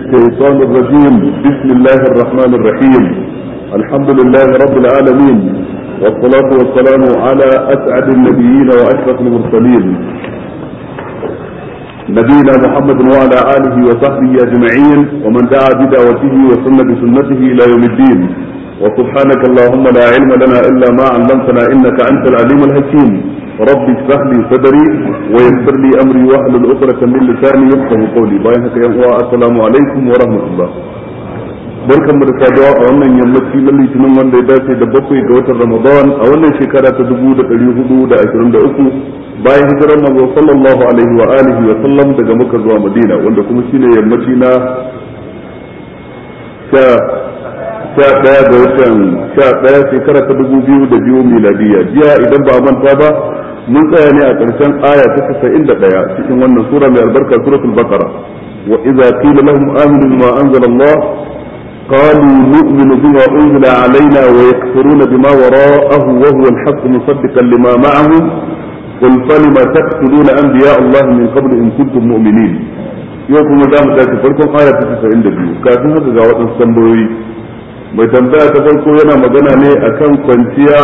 الشيطان الرجيم بسم الله الرحمن الرحيم الحمد لله رب العالمين والصلاة والسلام على أسعد النبيين وأشرف المرسلين نبينا محمد وعلى آله وصحبه أجمعين ومن دعا بدعوته وسن بسنته إلى يوم الدين وسبحانك اللهم لا علم لنا إلا ما علمتنا إنك أنت العليم الحكيم رب اشرح لي صدري ويسر لي أمري واحلل عقدة من لساني يفقه قولي باين هكا السلام عليكم ورحمة الله barkan mu da saduwa a wannan yammaci na litinin wanda ya dace da bakwai ga watan ramadan a wannan shekara ta dubu da ɗari hudu da ashirin da uku bayan hijirar manzo sallallahu alaihi wa alihi wa sallam daga makka zuwa madina wanda kuma shine yammaci na sha sha ɗaya ga watan sha ɗaya shekara ta dubu biyu da biyu miladiya jiya idan ba manta ba mun tsaya ne a ƙarshen aya ta casa'in da ɗaya cikin wannan sura mai albarka suratul baqara wa idza qila lahum aminu bima anzala Allah قالوا نؤمن بما أنزل علينا ويكفرون بما وراءه وهو الحق مصدقا لما معهم قل فلم تقتلون أنبياء الله من قبل إن كنتم مؤمنين yau kuma za mu tashi farkon aya ta 92 kafin haka ga waɗansu tambayoyi mai tambaya ta farko yana magana ne akan kwanciya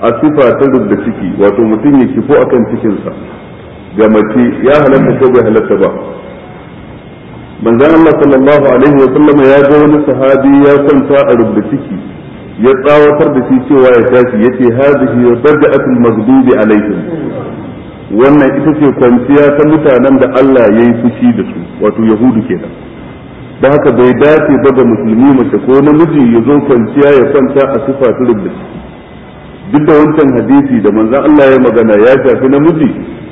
a sifa ta rubda ciki wato mutum ya kifo kan cikinsa ga mace ya halatta ko bai halatta ba manzan Allah sallallahu alaihi wa sallam ya ga wani sahabi ya kwanta a rubda ciki ya tsawatar da shi cewa ya tashi yace hadhihi raj'atul maghdubi alaihim wannan ita ce kwanciya ta mutanen da Allah ya yi fushi da su wato yahudu kenan ba haka bai dace ba ga musulmi mace ko namiji ya zo kwanciya ya kwanta a sifa turub duk da wancan hadisi da manzan Allah ya magana ya shafi namiji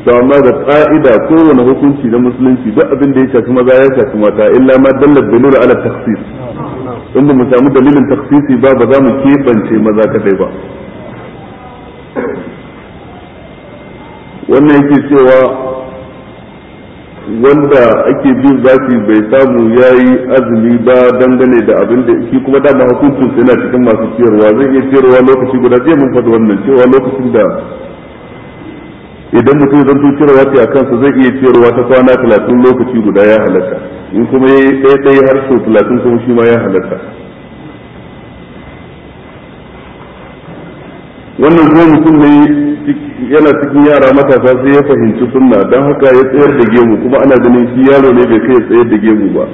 to amma da ka'ida kowane hukunci na musulunci duk abin da ya shafi maza ya shafi mata illa ma da nura ala takhsis inda mu samu dalilin takhsisi ba ba za mu keɓance maza kadai ba wannan yake cewa wanda ake bin zafi bai samu ya yi azumi ba dangane da abin da shi kuma dama hukuncin yana cikin masu ciyarwa zai iya ciyarwa lokaci guda zai mun faɗi wannan cewa lokacin da idan mutum zan tuki rawa ta kansa zai iya ciyarwa ta kwana talatin lokaci guda ya halatta in kuma ya yi ɗaya ɗaya har sau talatin kuma shi ma ya halatta wannan kuma mutum ne yana cikin yara matasa sai ya fahimci sunna don haka ya tsayar da gemu kuma ana ganin shi yaro ne bai kai tsayar da gemu ba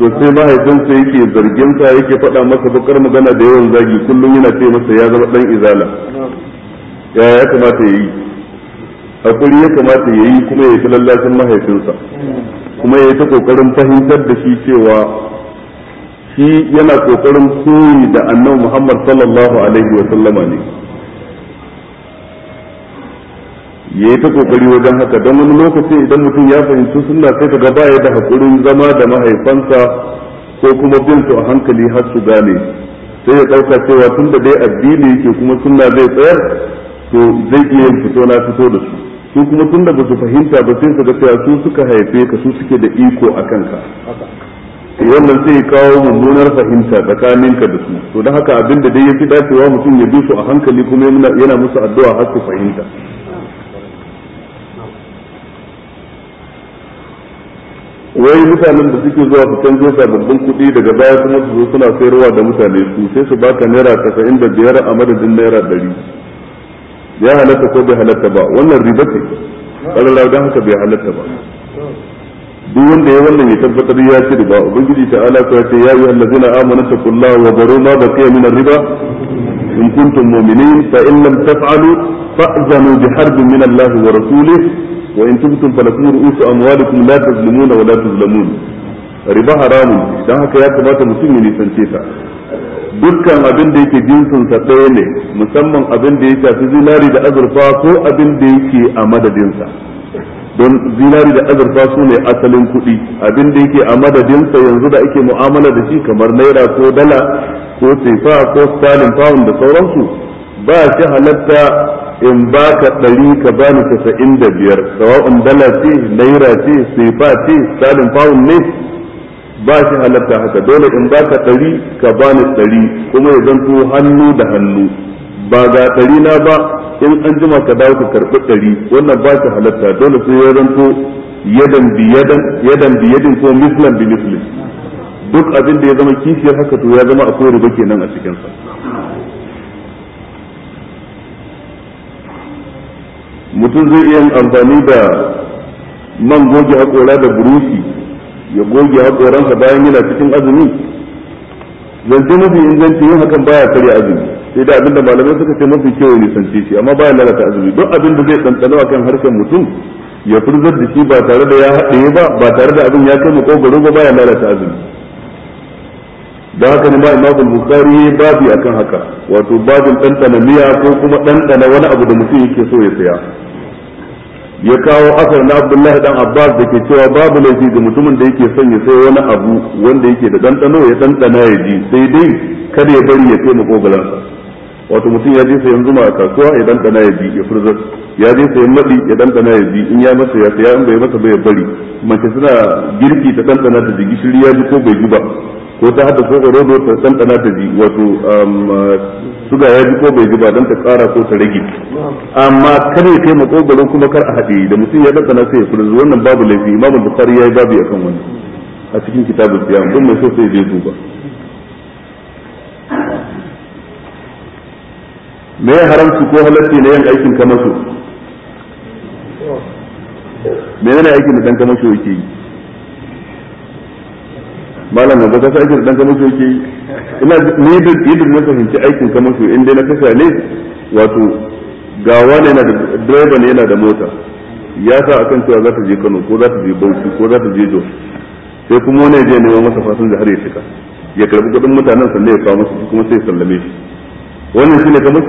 to sai mahaifinsa yake zargin sa yake faɗa masa bakar magana da yawan zagi kullum yana ce masa ya zama dan izala ya ya kamata yayi hakuri ya kamata yayi kuma ya fi lallacin mahaifinsa kuma ya yi ta kokarin fahimtar da shi cewa shi yana kokarin soyi da annabi Muhammad sallallahu alaihi wa sallama ne ya ta kokari wajen haka don wani lokaci idan mutum ya fahimci sunna sai ka gaba ya da hakurin zama da mahaifansa ko kuma bin su a hankali har su gane sai ya ɗauka cewa tun da dai addini yake kuma sunna zai tsayar to zai iya yin fito na fito da su su kuma tun da ba su fahimta ba sai su ga cewa su suka haife ka su suke da iko a kanka wannan zai kawo mummunar fahimta tsakaninka da su to don haka abin da dai yafi dacewa mutum ya bi su a hankali kuma yana musu addu'a har su fahimta wai mutanen da suke zuwa su canjo sababbin kuɗi daga baya kuma su zo suna sayarwa da mutane su sai su baka naira tasa'in da biyar a madadin naira ɗari ya halatta ko bai halatta ba wannan riba ce ƙararra don haka bai halatta ba duk wanda ya wannan ya tabbatar ya ce riba ubangiji ta ala ta ce ya yi allazina amanu taqullaha wa baro ma baqiya min riba in kuntum mu'minin fa in lam taf'alu fa'zanu bi harbin min Allah wa rasulih wa in tubtum falakum ru'usu amwalikum la tazlimuna wa la tuzlamun riba haramun dan haka ya kamata mutum ya nisance ta dukkan abin da yake jinsinsa ɗaya ne musamman abin da ya shafi zinari da azurfa ko abin da yake a madadinsa don zinari da azurfa su ne asalin kuɗi abin da yake a madadinsa yanzu da ake mu'amala da shi kamar naira ko dala ko tefa ko stalin pound da sauransu ba shi halatta in ba ka ɗari ka bani casa'in da biyar sawa'un dala ce naira ce tefa ce stalin pound ne ba shi halatta haka dole in ba ka ɗari ka bani ɗari kuma ya zanto hannu da hannu ba ga ɗari na ba in an jima ka dawo ka karɓi ɗari wannan ba ta halatta dole sai ya zanto yadan bi yadan yadan bi yadin ko mislan bi mislin duk abin da ya zama kishiyar haka to ya zama akwai riba kenan a cikinsa. sa mutum zai iya amfani da man goge haƙora da burushi ya goge haƙoransa bayan yana cikin azumi zance mafi inganci yin hakan baya karya azumi sai da abinda malamai suka ce mafi kyau ne san shi amma bayan lalata azumi duk abinda zai tsantsana akan harkar mutum ya furzar da shi ba tare da ya haɗe ba ba tare da abin ya kai makogaro ba bayan lalata azumi da haka ne ma Imam bukari babi akan haka wato babin ɗanɗana miya ko kuma ɗanɗana wani abu da mutum yake so ya saya ya kawo asar na abdullahi dan abbas da ke cewa babu laifi ga mutumin da yake son ya sai wani abu wanda yake da ɗanɗano ya ɗanɗana ya ji sai dai kada ya bari ya taimako galansa wato mutum ya je sayan zuma a kasuwa ya dandana ya bi ya furza ya je sayan madi ya dandana ya bi in ya masa ya saya in bai masa bai bari mace suna girki ta dandana ta ji gishiri ya ji ko bai ji ba ko ta hada ko rodo ta dandana ta ji wato um, suga ya ji ko bai ji ba dan ta kara ko ta rage amma kare ya kai makogaro kuma kar a haɗe da mutum ya dandana sai ya furza wannan babu laifi imamu bukhari ya yi babu akan wannan a cikin kitabul siyam don mai so sai ya duba me ya haramci ko halatti na yin aikin kamasho menene aikin da dan kamasho yake yi malam ga ka aikin da dan kamasho yake yi ina ne da idan na fahimci aikin kamasho inda na kasa ne wato gawa ne yana da direba ne yana da mota ya sa akan cewa za ta je Kano ko za ta je Bauchi ko za ta je Jos sai kuma wani ya je neman masa fasinja har ya shiga ya karbi kudin mutanen sannan ya kawo masa kuma sai ya sallame shi wannan shine kamar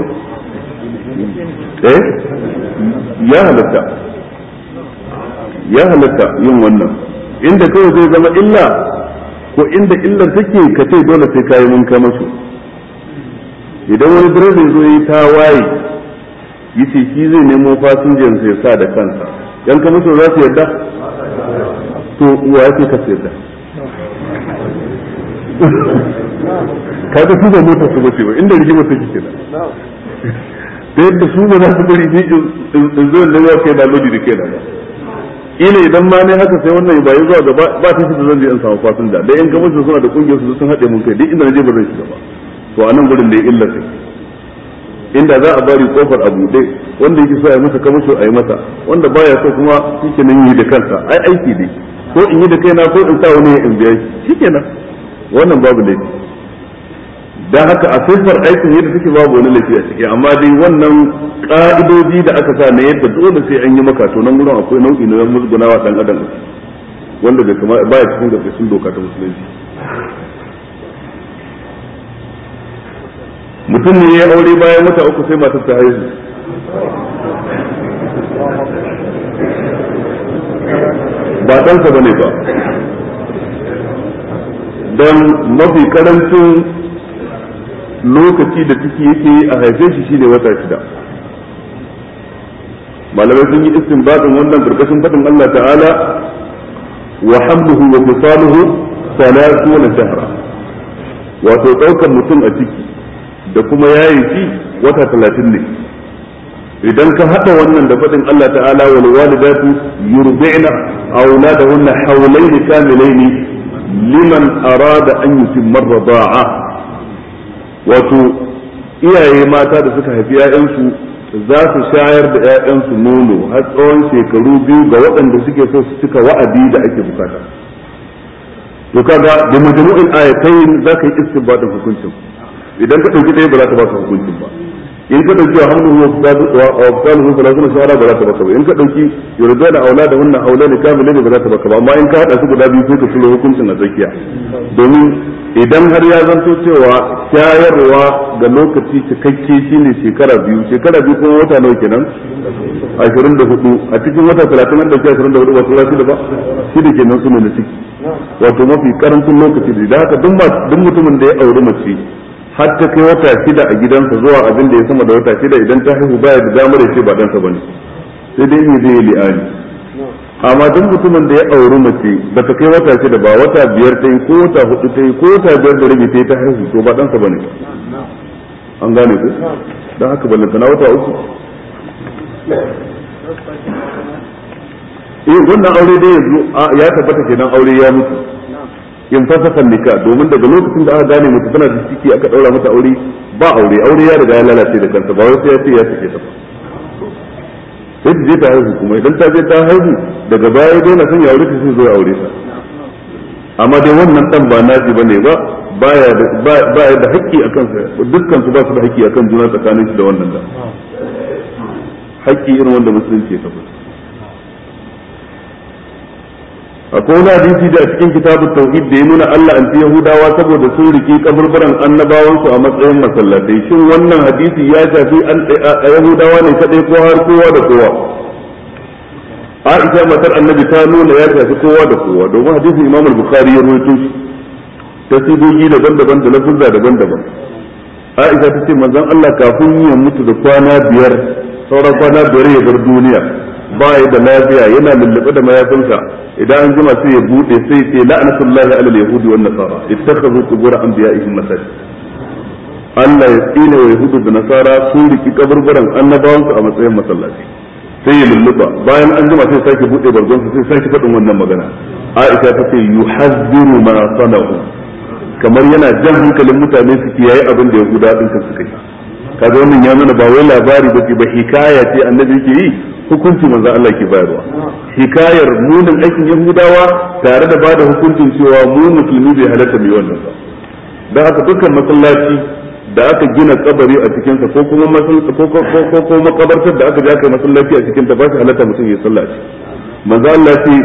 eh ya halatta ya halatta yin wannan inda kawai zai zama illa ko inda illar take ka ce dole sai kayi mun ka musu idan wani direba zo yi waye yace shi zai nemo fasinjan sai sa da kansa yan ka masu za su yarda to uwa yake ka su yarda kaga su ba motar su ba inda rigima take kenan da yadda su ba za su bari ne in zo da yau kai da lodi da kai da ba ina idan ma ne haka sai wannan ba yi zuwa gaba ba ta shi da zan je in samu fasin da dai in ga mutum suna da kungiyar su sun haɗe mun kai duk inda na je ba zai shiga ba to a nan gurin da ya illa sai inda za a bari kofar a buɗe wanda yake so a yi masa so a yi masa wanda baya so kuma shi ke nan yi da kansa ai aiki dai ko in yi da kaina ko in sa wani ya in biya shi ke nan wannan babu laifi da haka a siffar aikin yadda suke babu wani lafiya ciki amma dai wannan ka'idoji da aka sa na yadda dole sai an yi maka to nan akwai nau'i na musgunawa dan adam wanda bai kama ba ya cikin gaskashin doka ta musulunci mutum ne ya aure bayan wata uku sai matar ta haihu ba ɗansa ba ne ba don mafi karancin lokaci da ciki yake a haife shi shine wata shida malamai sun yi istinbadin wannan karkashin fadin Allah ta'ala wa hamluhu wa fisaluhu thalathuna shahra wato ɗaukar mutum a ciki da kuma yayi shi wata talatin ne idan ka hada wannan da fadin Allah ta'ala wal walidatu yurdi'na auladahunna hawlayn kamilayn liman arada an yutimma rida'a wato iyaye mata da suka haifi 'ya'yansu za su shayar da 'ya'yansu nono har tsawon shekaru biyu ga waɗanda suke so su cika wa'adi da ake bukata to kaga da majmu'in ayatayn za ka yi da hukuncin idan ka ɗauki ɗaya ba za ka ba su hukuncin ba in ka dauki wa hannu wa abdalu wa falakun shawara ba za ta baka ba in ka dauki aula ne aulani ne ba za ta baka ba amma in ka hada su guda biyu sai ka shiro hukuncin a tsakiya domin idan har ya zanto cewa shayarwa ga lokaci cikakke ne shekara biyu shekara biyu kuma wata nawa kenan hudu a cikin wata 30 an dauki hudu ba su shi da ba shi da kenan su ne na ciki wato mafi karancin lokaci da haka duk mutumin da ya auri mace har ta kai wata shida a gidansa zuwa abin da ya sama da wata shida idan ta haihu baya da damar ya ce ba ɗansa bane sai dai ne zai yi li'ani amma duk mutumin da ya auri mace ba ta kai wata shida ba wata biyar ta yi ko wata hudu ta yi ko wata biyar da rabi ta yi ta haihu to ba ɗansa bane an gane ku don haka ballanta na wata uku eh wannan aure dai yanzu ya tabbata kenan aure ya mutu in fasaka nika domin daga lokacin da aka gane mutum tana da ciki aka daura mata aure ba aure aure ya riga ya lalace da kanta ba wai sai ya ce ya sake ta sai ta je ta haihu kuma idan ta je ta haihu daga baya dai na san ya aure ta sai zo ya aure ta amma dai wannan dan ba naji bane ba baya baya da haƙƙi akan sa dukkan su ba su da haƙƙi akan juna tsakanin su da wannan da haƙƙi irin wanda musulunci ya tabbata akwai wani hadisi da a cikin kitabun tauhid da ya nuna Allah anti yahudawa saboda sun riki kaburburan annabawansu a matsayin masallatai shin wannan hadisi ya shafi an yahudawa ne kadai ko har kowa da kowa Aisha matar annabi ta nuna ya shafi kowa da kowa domin hadisin Imam Bukhari ya rawaito shi ta sigogi daban-daban da lafuzza daban-daban Aisha ta ce manzon Allah kafin ya mutu da kwana biyar sauran kwana biyar ya bar duniya ba ya da lafiya yana lullube da mayafinsa idan an jima sai ya bude sai ce la'anatullahi ala yahudi wan nasara ittakhadhu qubur anbiya'ihim masajid Allah ya tsine wa yahudu da nasara sun riki kaburburan annabawansu a matsayin masallaci sai ya lulluba bayan an jima sai sake bude bargon sai sake fadin wannan magana Aisha ta ce yuhazziru ma sanahu kamar yana jan hankalin mutane su kiyaye abin da yahuda din kan suka yi kaga wannan ya nuna ba wai labari ba ba hikaya ce annabi yake yi hukunci manzo Allah ke bayarwa hikayar munin aikin yahudawa tare da bada hukuncin cewa mu musulmi bai halatta mai wannan ba da haka dukkan masallaci da aka gina kabari a cikin sa ko kuma ko ko makabartar da aka je aka masallaci a cikin ta ba shi halatta mutum ya sallaci manzo Allah ce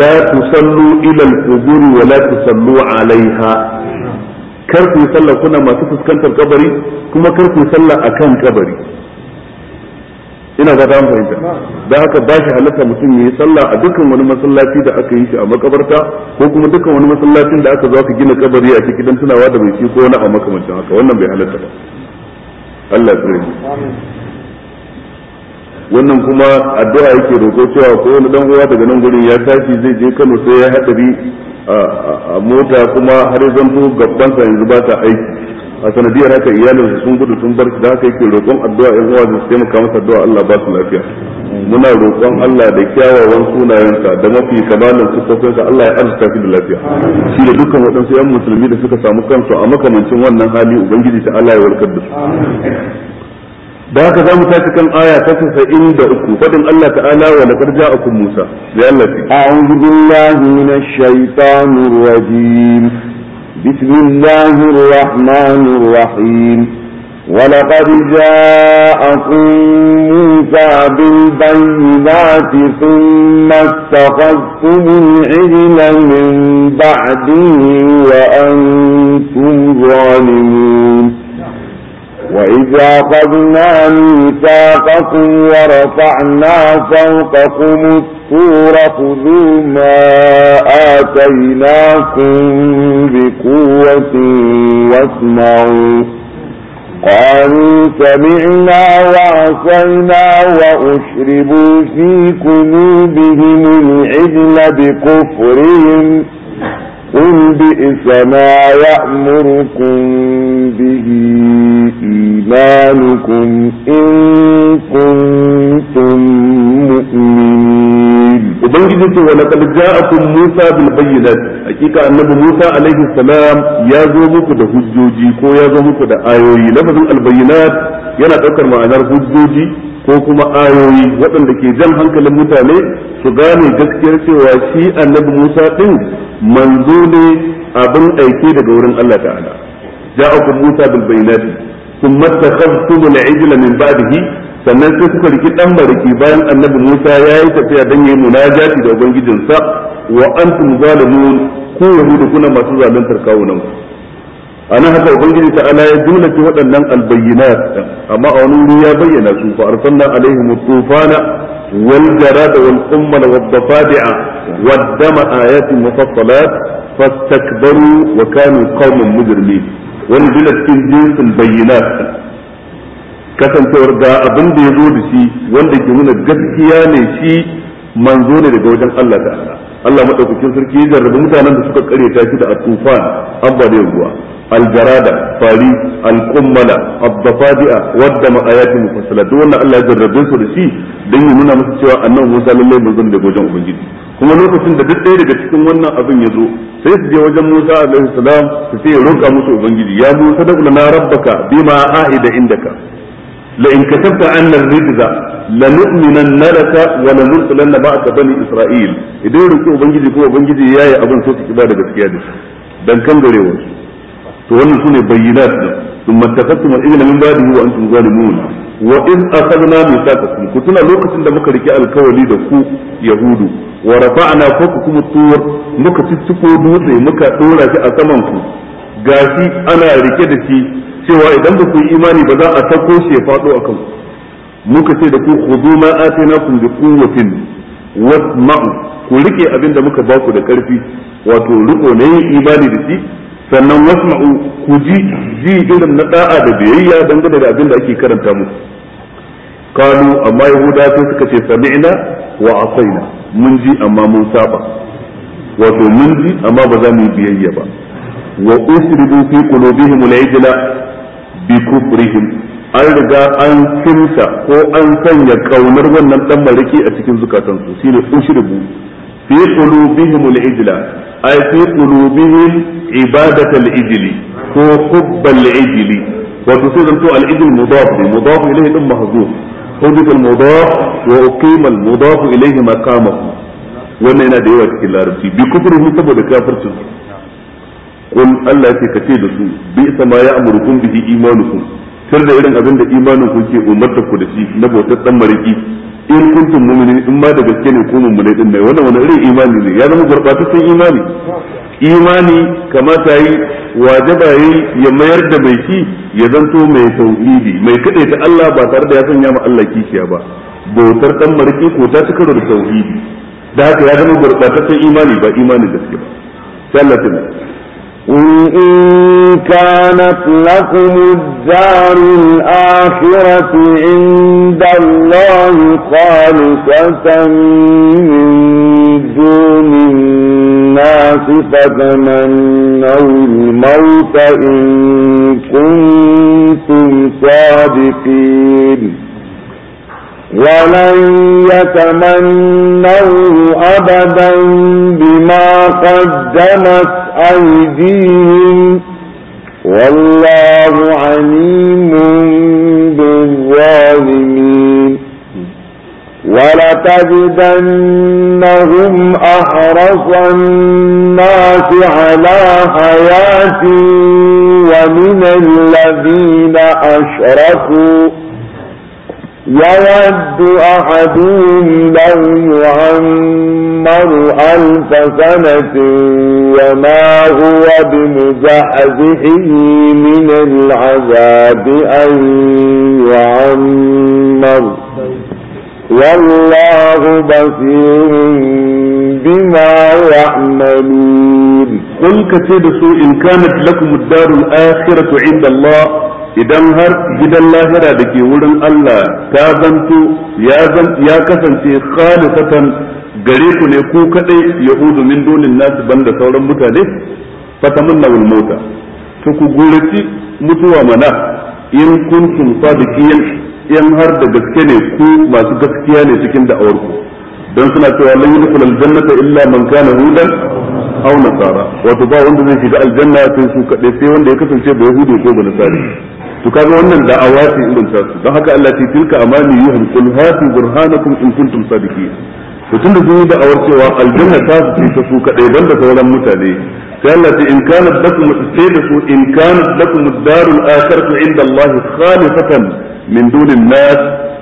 la tusallu ila al-qubur wa la tusallu alaiha kar ku sallah kuna masu fuskantar kabari kuma kar ku sallah akan kabari ina ga an fahimta da haka ba shi halatta mutum ya yi sallah a dukkan wani masallaci da aka yi shi a makabarta ko kuma dukkan wani masallacin da aka zo gina kabari a cikin dan tunawa da mai shi ko wani a makamancin haka wannan bai halatta ba Allah ya wannan kuma addu'a yake roƙo cewa ko wani dan uwa daga nan gurin ya tashi zai je Kano sai ya hadari a mota kuma har zanto gabban sa yanzu ba ta aiki a sanadiyar haka iyalinsa sun gudu sun bar da haka yake roƙon addu'a in uwa su taimaka masa addu'a Allah ba su lafiya muna roƙon Allah da kyawawan sunayensa da mafi kamalan sifofinsa Allah ya arzuta shi da lafiya shi da dukkan waɗansu yan musulmi da suka samu kansu a makamancin wannan hali ubangiji ta Allah ya warkar da su da haka za mu tashi kan aya ta casa'in da uku faɗin Allah ta'ala wa laqad ja'akum Musa ya Allah a'udhu billahi minash shaitanir rajim بسم الله الرحمن الرحيم ولقد جاءكم موسى بالبينات ثم اتخذتم العجل من بعده وأنتم ظالمون وإذا أخذنا ميثاقكم ورفعنا فوقكم الطور خذوا ما آتيناكم بقوة واسمعوا قالوا سمعنا وعصينا وأشربوا في قلوبهم العجل بكفرهم قل بئس ما يأمركم به إيمانكم إن كنتم مؤمنين وبنجد ولقد جاءكم موسى بالبينات حقيقة أن موسى عليه السلام يازومك ده هجوجي كو يازومك ده آيوي لفظ البينات يلا تذكر معنى الهجوجي ko kuma ayoyi waɗanda ke jan hankalin mutane su gane gaskiyar cewa shi annabi Musa ɗin manzo ne abin aike daga wurin Allah ta'ala ja'akum Musa bil bayyinati thumma takhadhtum al-ijla min ba'dihi sannan sai kuka riki dan bariki bayan annabi Musa ya yi tafiya dan yayi munajati da ubangijinsa wa antum zalimun ku yahudu kuna masu zaluntar kawunan ku ana haka ubangiji ta ala ya jumla ki waɗannan albayyinat amma a wani wuri ya bayyana su fa arsalna alaihim tufana wal jarada wal qummal wad dafadi'a wad dama ayatin mufassalat fastakbaru wa kanu qauman mujrimin wani jumla cikin jinsin bayyinat kasancewar ga abin da ya zo da shi wanda ke nuna gaskiya ne shi manzo ne daga wajen Allah ta'ala Allah madaukakin sarki ya jarrabi mutanen da suka ta shi da at-tufan da ruwa aljarada fari alqummala abdafadi'a wadda ma ayatin mufassala duk wannan Allah ya jarrabe su da shi dan ya nuna musu cewa annabi Musa lalle manzon da gojen ubangiji kuma lokacin da duk ɗaya daga cikin wannan abin ya zo sai su je wajen Musa alaihi salam su ce roƙa musu ubangiji ya Musa da lana rabbaka bima a'ida indaka la in katabta anna rijza la nu'minanna laka wa la bani isra'il idan ko yayi abin sai kiba da gaskiya da shi dan to wannan sune bayyinat din thumma takattum al-ijla min ba'dihi wa antum zalimun wa id akhadna mithaqakum ku tuna lokacin da muka rike alkawali da ku yahudu wa rafa'na fawqakum at-tur muka cicciko dutse muka dora shi a saman ku gashi ana rike da shi cewa idan ba ku yi imani ba za a sako shi ya fado akan ku muka ce da ku khudu ma atainakum bi quwwatin wasma'u ku rike abinda muka ba ku da karfi wato riko ne imani da shi sannan wasma'u ku ji irin na da'a da biyayya dangane da abin da ake karanta mu. kalu amma yahuda sai suka ce sami'na wa asaina mun ji amma mun saba wato mun ji amma ba za mu yi biyayya ba wa usridu fi qulubihim al-ijla bi kufrihim an riga an kimsa ko an sanya kaunar wannan ɗan mariki a cikin zukatansu shine usribu fi qulubihim al-ijla ay fi qulubihim ibadat al-ijli ko hubb al-ijli wato sai zanto al-ijl mudaf ne mudaf ilayhi dum mahzuf hudud al-mudaf wa uqima al-mudaf ilayhi maqamahu wannan yana da yawa cikin larabci bi kufrihi saboda kafircin kun Allah ya ka ce da su bi sama ya amurkum bihi imanukum sir da irin abin da imanin ku ke umarta ku da shi na bautar dan mariki in kuntum mu'minin in ma da gaske ne ko mu'minai din ne wannan wani irin imani ne ya zama gurbataccen imani imani kamata yi wajaba yi ya mayar da mai ki ya zanto mai tauhidi mai kade ta Allah ba tare da ya sanya ma Allah kishiya ba bautar dan mariki ko ta ci da tauhidi da haka ya zama gurbataccen imani ba imanin gaske ba sallatin قل إن كانت لكم الدار الآخرة عند الله خالصة من دون الناس فتمنوا الموت إن كنتم صادقين ولن يتمنوا أبدا بما قدمت أيديهم والله عليم بالظالمين ولتجدنهم أحرص الناس على حياة ومن الذين أشركوا يود أحدهم لو يعمر ألف سنة وما هو بمزحزحه من العذاب أن يعمر والله بصير بما يعملون قل كتب سوء إن كانت لكم الدار الآخرة عند الله idan har gidan lahira da ke wurin Allah ta zanto ya kasance khalisatan gare ku ne ku kadai ya udu min dunin ban banda sauran mutane fatamanna wal mauta to ku gurace mutuwa mana in kuntum sadiqin in har da gaske ne ku masu gaskiya ne cikin da'awar ku dan suna cewa lan yadkhul aljannata illa man kana hudan aw nasara wato ba wanda zai shiga aljanna sai su kadai sai wanda ya kasance ba yahudi ko ba nasara to kaga wannan da'awa ce irin ta su don haka Allah ce tilka amani yuhum kul hatu burhanakum in kuntum sadiqin to tunda sun yi da'awar cewa aljanna ta su ce su kadai ban da sauran mutane sai Allah ce in kanat lakum sai da su in kanat lakum darul akhiratu inda Allah khalisatan min dunin nas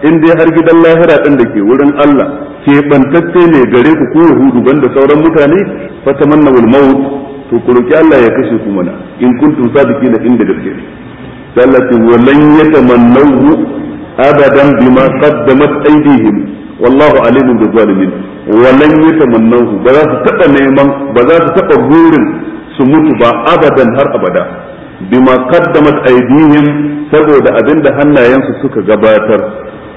in dai har gidan lahira din da ke wurin Allah ke bantacce ne gare ku ko yahudu banda sauran mutane fa tamannawul maut to ku roki Allah ya kashe ku mana in kuntum sadiqina inda gaske sallati walan yatamannahu abadan bima qaddamat aydihim wallahu alimun bil zalimin walan yatamannahu ba za su taba neman ba za su taba burin su mutu ba abadan har abada bima qaddamat aydihim saboda abinda hannayensu suka gabatar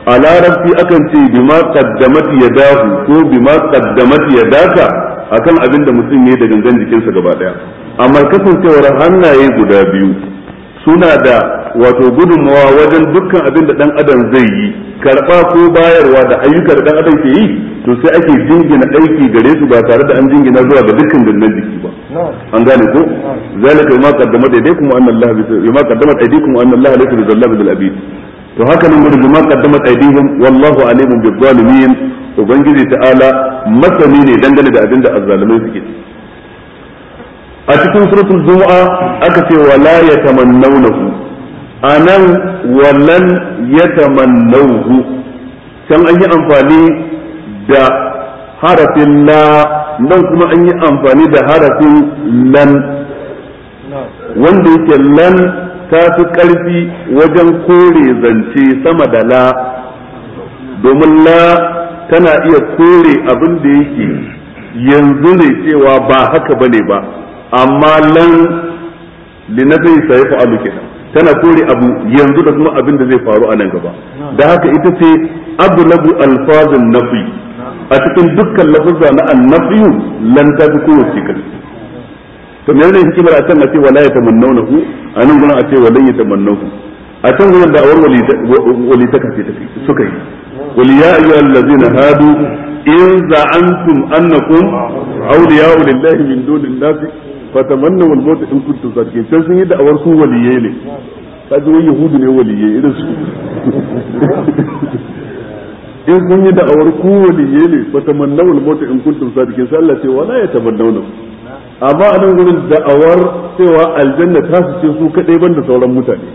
a larabci akan ce bima qaddamat yadahu ko bima ya yadaka akan abinda mutum ya da gangan jikinsa gaba daya amma kasancewar hannaye guda biyu suna da wato gudunmawa wajen dukkan abin da dan adam zai yi karba ko bayarwa da ayyukan da dan adam ke yi to sai ake jingina aiki gare su ba tare da an jingina zuwa ga dukkan gannan jiki ba an gane ko zalika ma qaddama daikum anna Allah bi ma qaddama aidikum anna Allah laysa bi zallab bil abid to haka nan gudu ma qaddama aidihim wallahu alimun bil zalimin ubangiji ta'ala masani ne dangane da abin da azzalimai suke a cikin suratul zuwa aka ce wala yatamannawnahu anan walan yatamannawhu can an yi amfani da harafin la nan kuma an yi amfani da harafin lan wanda yake lan ta fi ƙarfi wajen kore zance sama da la domin la tana iya kore abin da yake yanzu ne cewa ba haka bane ba amma lan linadai sai fa alu kenan tana kore abu yanzu da kuma abin da zai faru a nan gaba da haka ita ce aglabu alfazun nafi a cikin dukkan lafuzza na annafiyu lan ta fi kowace kashi to menene hikimar a can a ce wala ya tamannawnahu a nan gurin a ce walan ya tamannahu a can gurin da awar wali ta kace tafi suka yi wali ya ayyuhal ladzina hadu in za'antum annakum awliya'u lillahi min dunin fatamannu wal mauta in kuntum sadiqin sai sun yi da'awar su waliye ne kaji wai yahudu ne waliye irin su in sun yi da'awar ku waliye ne fatamannu wal mauta in kuntum sadiqin sai Allah ce wala ya tamannauna amma a nan gurin da'awar cewa aljanna ta su ce su kadai banda sauran mutane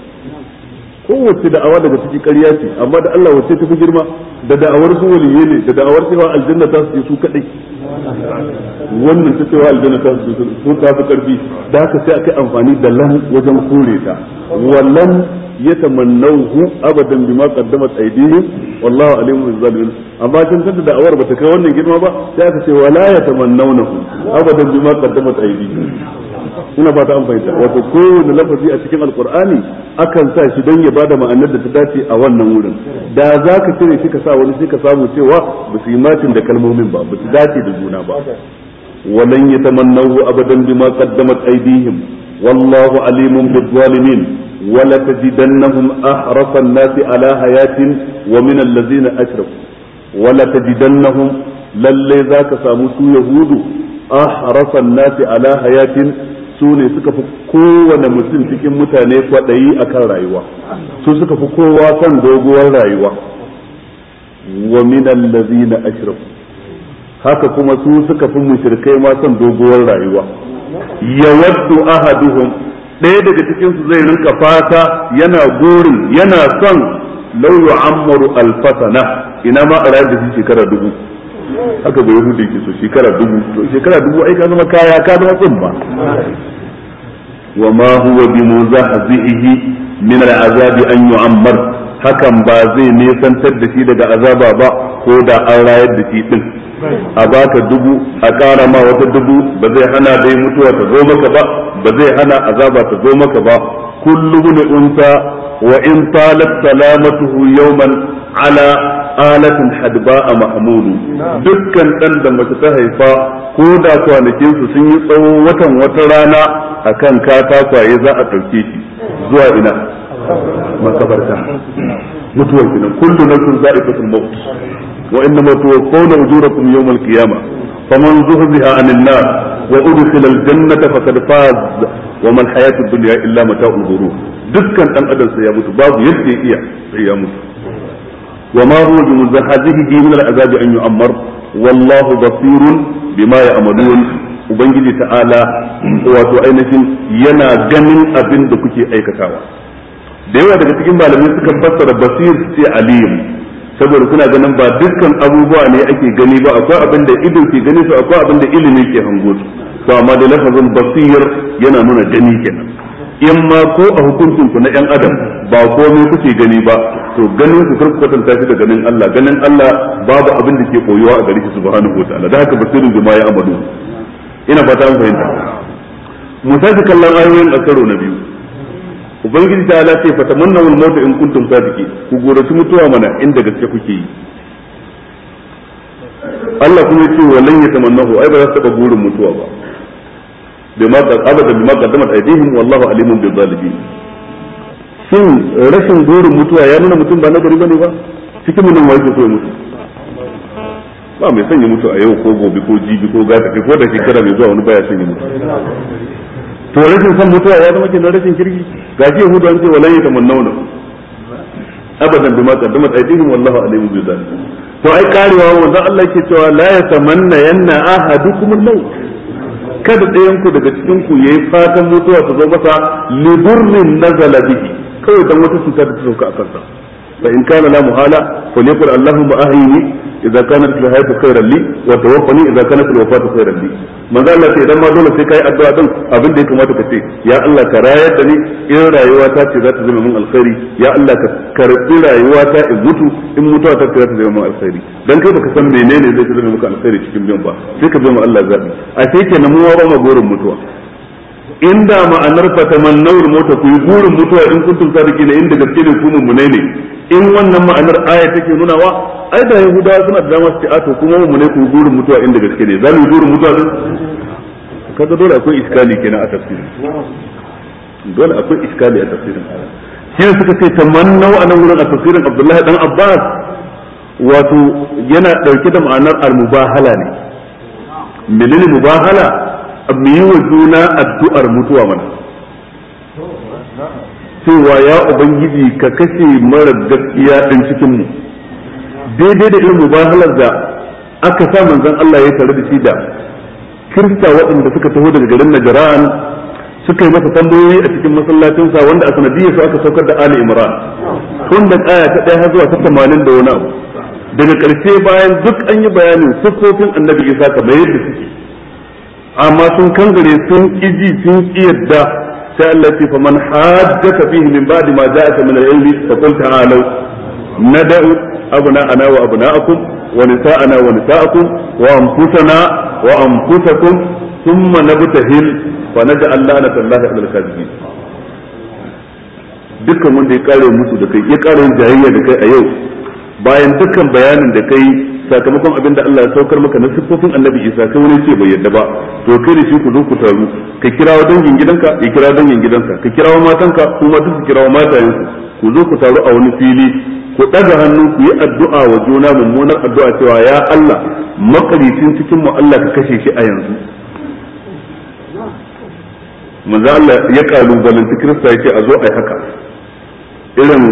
kowace da'awa daga ciki ƙarya ce amma da Allah wacce ta fi girma da da'awar su waliye ne da da'awar cewa aljanna ta su ce su kadai wannan ta cewa aljanna ta su ta fi karfi da haka sai aka amfani da lan wajen kore ta wallan tamannahu abadan bima qaddamat aydihim wallahu alimun bil zalimin amma tun da awar bata kai wannan girma ba sai aka ce wala ya tamannahu abadan bima qaddamat aydihim ina ba ta an fahimta wato kowane lafazi a cikin alkur'ani akan sa shi don ya bada ma'anar da ta dace a wannan wurin da za ka cire shi ka sa wani shi ka samu cewa ba su yi matin da kalmomin ba ba su dace da juna ba walan yatamannahu abadan bima qaddamat aydihim wallahu alimun bizzalimin ولتجدنهم أحرص الناس على حياة ومن الذين أشركوا ولتجدنهم lalle za ka samu su yahudu ahrasa nasi ala hayatin su ne suka fi kowane mutum cikin mutane kwaɗayi akan rayuwa su suka fi kowa kan doguwar rayuwa wa minan lazina ashrafu haka kuma su suka fi mushrikai ma son doguwar rayuwa yawaddu ahaduhum ɗaya daga cikin su zai rinka fata yana gurin yana son lau yu'ammaru alfasana ina ma a rayar da shekara dubu haka bai hudu ke so shekara dubu to shekara dubu ai ka zama kaya ka zama tsumma wa ma huwa bi muzahzihi min al-azab an yu'ammar hakan ba zai nesantar da shi daga azaba ba ko da an rayar da shi din a baka dubu a kara ma wata dubu ba zai hana dai mutuwa ta zo maka ba ba zai hana azaba ta zo maka ba kullu unta wa in talat salamatuhu yawman ala alatun hadba a mahmudu dukkan dan da mace ta haifa ko da kwanakin su sun yi tsawon watan wata rana akan katakwaye za a ɗauke shi zuwa ina makabarta mutuwar kina kullu nafsin za'iqatul maut wa innama tuwaffawna ujurakum yawmal qiyamah faman zuhziha 'anil nar wa udkhila al-jannata faqad faz wa man hayatu dunya illa mata'ul ghurur dukkan dan adam sai ya mutu babu yadda ya iya sai ya mutu وما هو بمزحزحه من العذاب أن يؤمر والله بصير بما يعملون ubangiji ta'ala wato ainihin yana ganin abin da kuke aikatawa da yawa daga cikin malamai suka fassara basir sai aliyu saboda suna ganin ba dukkan abubuwa ne ake gani ba akwai abin da ido ke gani su akwai abin da ilimi ke hango su to amma da lafazin basir yana nuna gani kenan in ma ko a hukuncinku ku na yan adam ba komai kuke gani ba to ganin su sun kwatanta shi da ganin Allah ganin Allah babu abin da ke koyuwa a gari shi subhanahu wataala da haka basirin bima ya amadu ina fata an fahimta mu sake kallon ayoyin a karo na biyu ubangiji ta ala ce fatamanna wal mautu in kuntum sadiqin ku su mutuwa mana inda gaske kuke yi Allah kuma ya ce lan yatamannahu ai ba za su taba burin mutuwa ba bima qad qadama bima qaddamat aydihim wallahu alimun bil zalimin shin rashin gurin mutuwa ya nuna mutum ba gari bane ba cikin mun wa yake so ya mutu ba mai sanya mutu a yau ko gobe ko jibi ko gata ko da shekara mai zuwa wani baya sanya mutu to rashin san mutuwa ya zama kenan rashin kirki gashi yahudu an ce walan yatamannawna abadan bima qaddamat aydihim wallahu alimun bi dhalik to ai karewa wannan Allah yake cewa la yatamanna yanna ahadukum al-maut kada ɗayan ku daga cikin ku yayi fatan mutuwa ta zo masa li nazala bihi kawai dan wata cuta da ta sauka a kansa fa in kana la muhala fa liqul allahumma ahyini idza kanat al hayatu khayran li wa tawaffani idza kanat al wafatu khayran li manzo Allah sai idan ma dole sai kai addu'a din abin da ya kamata ka ce ya Allah ka rayar da ni in rayuwa ta ce za ta zama min alkhairi ya Allah ka karbi rayuwa ta in mutu in mutuwa ta ce za ta zama min alkhairi dan kai baka san menene zai zama maka alkhairi cikin biyan ba sai ka bi mu Allah zabi a sai kenan mu wa ba mu gurin mutuwa inda ma'anar fatamannawul mota ku yi burin mutuwa in kuntum sadiqina inda gaske ne ku mu ne in wannan ma'anar aya take nunawa ai da yahudawa suna da dama su ce a to kuma ne ku yi burin mutuwa inda gaske ne za mu yi burin mutuwa din kaga dole akwai iskali kenan a tafsirin dole akwai iskali a tafsirin shi ne suka ce tamannau a nan wurin a tafsirin Abdullahi dan Abbas wato yana dauke da ma'anar al-mubahala ne menene mubahala mu yi wa juna addu'ar mutuwa mana cewa ya ubangiji ka kashe mara gaskiya din cikin mu daidai da irin mubahalar da aka sa manzon Allah ya tare da shi da kirista waɗanda suka taho daga garin Najran suka yi masa tambayoyi a cikin masallacinsa wanda a sanadiyar su aka saukar da Ali Imran tun da aya ta ɗaya har zuwa ta tamanin da wani abu daga ƙarshe bayan duk an yi bayanin siffofin annabi Isa kamar yadda suke amma sun kangare sun kiji sun kiyarda sai Allah ya fa man haddaka fihi min ba'di ma ja'aka min al-ilmi fa qul ta'alu nad'u abna'ana wa abna'akum wa nisa'ana wa nisa'akum wa anfusana wa anfusakum thumma nabtahil fa naj'al la'nata Allah 'ala al kadhibi dukkan wanda ya kare musu da kai ya kare jayayya da kai a yau bayan dukkan bayanin da kai sakamakon abin da Allah ya saukar maka na siffofin annabi isa sai wani ce bai yadda ba to kai da shi ku zo ku taru ka kirawo dangin gidanka ya kira dangin gidanka ka kirawo matanka su ma duk kirawo matayen ku zo ku taru a wani fili ku ɗaga hannu ku yi addu'a wa juna mummunar addu'a cewa ya Allah makaricin cikin mu Allah ka kashe shi a yanzu manzo Allah ya kalubalanci Kirista yake a zo ai haka irin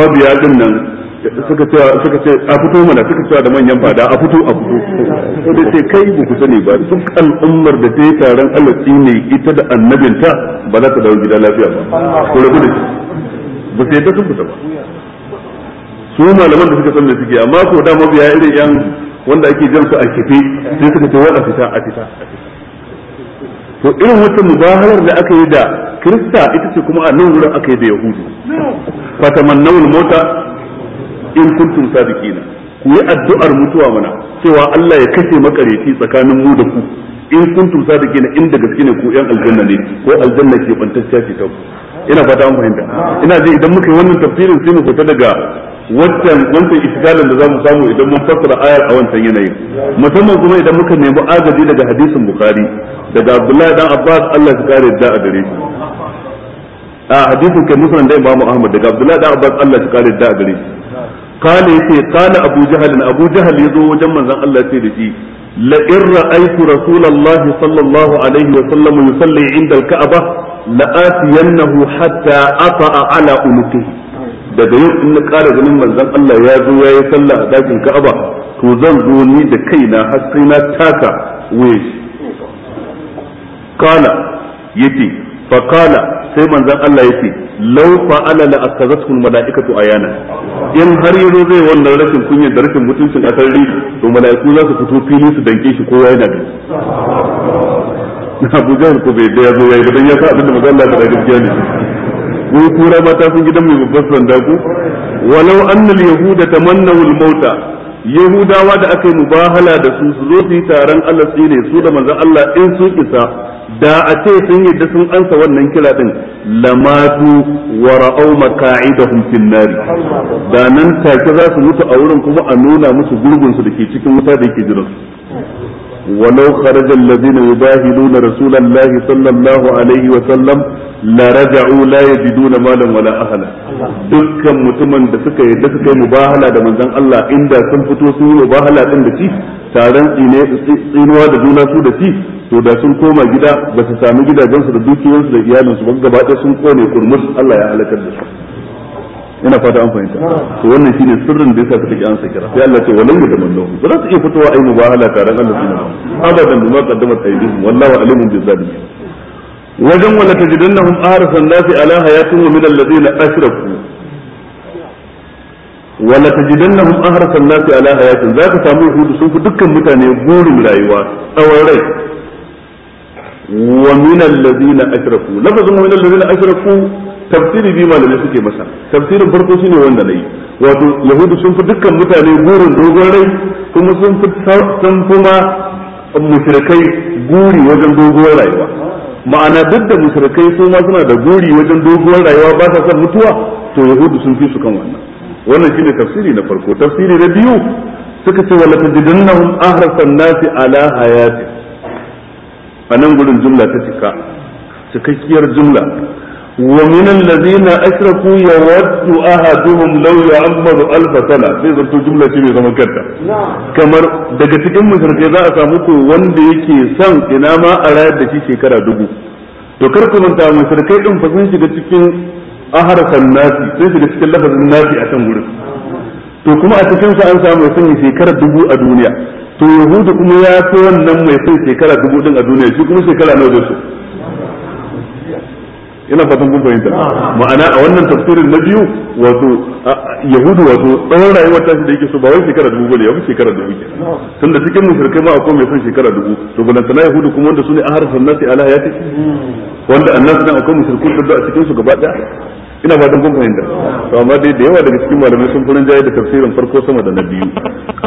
mabiya din nan suka ce suka ce a fito mana suka cewa da manyan fada a fito a fito sai ce kai ba ku sani ba duk al'ummar da ta yi taron alatsi ne ita da annabinta ba za ta dawo gida lafiya ba ko rabu da ba sai ta sun ba su malaman da suka san da suke amma ko da mabiya irin yan wanda ake jan su a kife sai suka ce wai a fita a fita to irin wata mubaharar da aka yi da kirista ita ce kuma a nan wurin aka yi da yahudu fatamannawul mota in kuntum sadiqin ku yi addu'ar mutuwa mana cewa Allah ya kashe makareci tsakanin mu da ku in kuntum sadiqin in da gaske ne ku yan aljanna ne ko aljanna ke bantacciya ce ta ku ina fata mun fahimta ina ji idan muka yi wannan tafsirin sai mu fita daga wannan wancan istidalan da zamu samu idan mun fassara ayar a wancan yanayin musamman kuma idan muka nemi agaji daga hadisin bukhari daga abdullahi dan abbas Allah ya kare da a gare shi a hadisin kai musulun da imamu ahmad daga abdullahi da abbas allah ta kare da gare shi kale yace kala abu jahal abu jahal yazo wajen manzon allah ce da shi la in ra'aytu rasulullahi sallallahu alaihi wa sallam yusalli inda al-ka'bah la atiyannahu hatta ata'a ala unuqihi daga yau in na kara ganin manzon allah ya zo ya yi sallah a dakin ka'aba to zan zo ni da kaina har sai na taka waye kala yace faqala sai manzon Allah yace law fa'ala la akazatkum malaikatu ayana in har yazo zai wannan rashin kunya da rashin mutuncin asarri to malaiku za su fito fili su danke shi kowa yana da Abu Jahl ko bai da yazo yayi dan ya sa abin da manzon Allah ya faɗa gaskiya ne ko kura mata sun gidan mai babban sanda ku walau annal yahuda tamannahu al-mauta yahudawa da aka yi mubahala da su su zo su yi taron Allah tsine su da manzon Allah in sun isa da a ce sun yadda sun ansa wannan kira din lamatu wa ra'aw maka'idahum fil nar da nan take za su mutu a wurin kuma a nuna musu gurgun su dake cikin wuta da yake jiran su ولو خرج الذين يباهلون رسول الله صلى الله عليه وسلم لرجعوا لا يجدون مالا ولا أهلا dukkan mutumin da suka yadda suka yi mubahala da manzon Allah inda sun fito sun yi mubahala din da shi taron tsinuwa da juna su da shi to da sun koma gida ba su sami gidajensu da dukiyoyinsu da su ba gaba sun kone kurmus Allah ya halakar da su ina fata an fahimta to wannan shine sirrin da yasa ka take an sakira sai Allah ce walau da mallahu ba za su iya fitowa ayi mubahala tare Allah shine ba abadan bima qaddamat aydihim wallahu alimun bi zalim wajen wala tajidannahum arasan nasi ala hayatin min alladhina asrafu wala tajidannahum ahrasan nasi ala hayatin zaka samu hudu sun fi dukkan mutane burin rayuwa tsawon rai wa min alladhina ashraku lafazin wa min alladhina ashraku tafsiri bi malamai suke masa tafsirin farko shine wanda nayi wato yahudu sun fi dukkan mutane gurin dogon rai kuma sun fi sun kuma mushrikai guri wajen doguwar rayuwa ma'ana duk da mushrikai su suna da guri wajen doguwar rayuwa ba sa son mutuwa to sun fi su kan wannan wannan shine na farko tafsiri na biyu suka ce wala tajidannahum ahrasan nasi ala hayati a nan gudun jumla ta cika cikakkiyar jumla wa min allazina ashraku yawaddu ahaduhum law ya'ammaru alf sana sai zato jumla ce mai zaman kanta kamar daga cikin musulmai za a samu ko wanda yake son ina ma a rayar da shi shekara dubu to kar ku manta musulmai din fa sun shiga cikin aharasan nasi shi shiga cikin lafazin nasi a can gurin to kuma a cikin sa an samu sanin shekara dubu a duniya to yahudu kuma ya fi wannan mai sai shekara dubu din a duniya shi kuma shekara nawa da su ina fatan kun fahimta ma'ana a wannan tafsirin na biyu wato yahudu wato tsawon rayuwar tashi da yake so ba wai shekara dubu bane ya fi shekara dubu ke tun da cikin mushrikai ma akwai mai son shekara dubu to na yahudu kuma wanda su ne a harsan nasi ala hayati wanda annas nan akwai mushrikun da a cikin su gaba daya ina ba don gungun inda to amma dai da yawa daga cikin malamai sun furin jaye da tafsirin farko sama da na biyu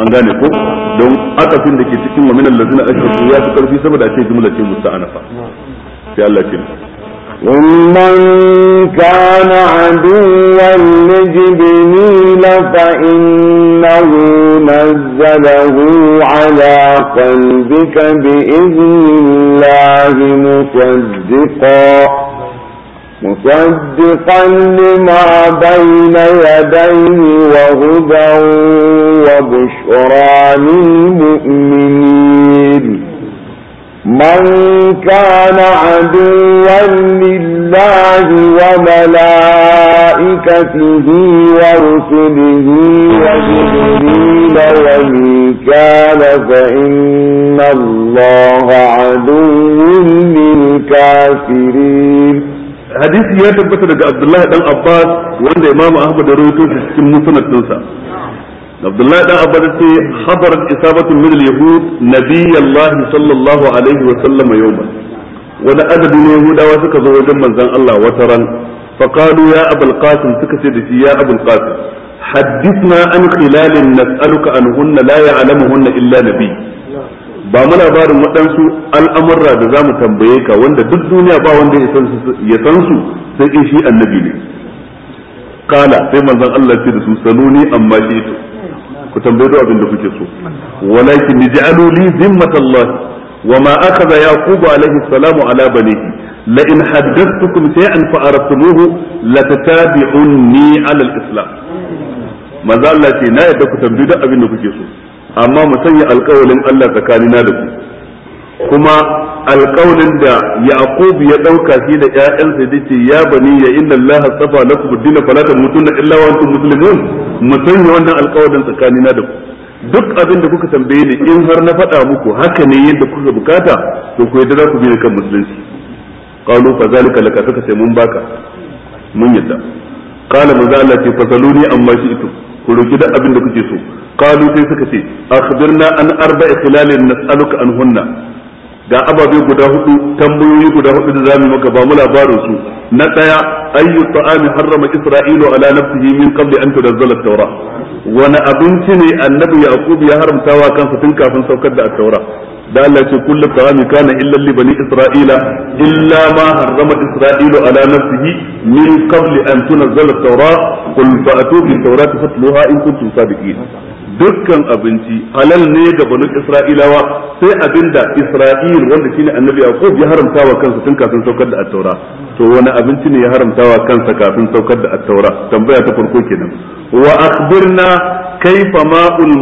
an gane ko don akafin da ke cikin wa lazina ake su ya fi karfi saboda ake jimla ce musta'anafa sai Allah ce ومن كان عدوا لجبريل فإنه نزله على قلبك بإذن الله مصدقا مصدقا لما بين يديه وهدى وبشرى للمؤمنين من كان عدوا لله وملائكته ورسله وجبريل وميكال فإن الله عدو للكافرين hadisi ya tabbata daga Abdullahi dan Abbas wanda Imam Ahmad da rawaito shi cikin musnad dinsa Abdullahi dan Abbas ce khabar isabatu min al-yahud nabiyallahi sallallahu alaihi wa sallam yawman wani adadi ne Yahudawa suka zo wajen manzon Allah wata ran faqalu ya Abul Qasim suka ce da shi ya Abul Qasim حدثنا an خلال نسألك عنهن لا illa na نبي ba ba labarin waɗansu al'amurra da za mu tambaye ka wanda duk duniya ba wanda ya san su sai in shi annabi ne kala sai manzon Allah ce da su saluni amma shi ku tambaye duk abin da kuke so walakin nij'alu li zimmatallah wa ma akhadha yaqubu alaihi salamu ala banihi la in haddathtukum shay'an fa araftumuhu la tatabi'unni ala al-islam manzon Allah ce na yadda ku tambaye duk abin da kuke so amma mu sanya alkawalin Allah tsakanina da ku kuma alkawalin da yaqub ya dauka shi da ƴaƴansa dace ya bani ya inna Allah safa lakum dinna fala tamutunna illa wa antum muslimun mu sanya wannan alkawalin tsakanina da ku duk abin da kuka tambaye ni in har na faɗa muku haka ne yadda kuka bukata to ku yadda za ku bi kan musulunci qalu fa zalika laka saka sai mun baka mun yadda qala maza Allah ce fasaluni amma shi itum ku roki duk abin da kuke so qalu sai suka ce akhbirna an arba khilalin nas'aluka hunna ga ababe guda hudu tambayoyi guda hudu da zamu maka ba mu labarin su na daya ayyu ta'ami harrama isra'ilu ala nafsihi min qabli an tunazzala at-taura wani abinci ne annabi yaqub ya haramtawa kansa tun kafin saukar da at-taura da Allah ce kullu ta'ami kana illa li bani isra'ila illa ma harrama isra'ilu ala nafsihi min qabli an tunzala at-taura qul fa'tu bi tawrati fatluha in kuntum sadiqin dukkan abinci halal ne ga banu isra'ilawa sai abinda isra'il wanda shine annabi yaqub ya haramta wa kansa tun kafin saukar da at-taura to wani abinci ne ya haramta wa kansa kafin saukar da at-taura tambaya ta farko kenan wa akhbirna kayfa ma'ul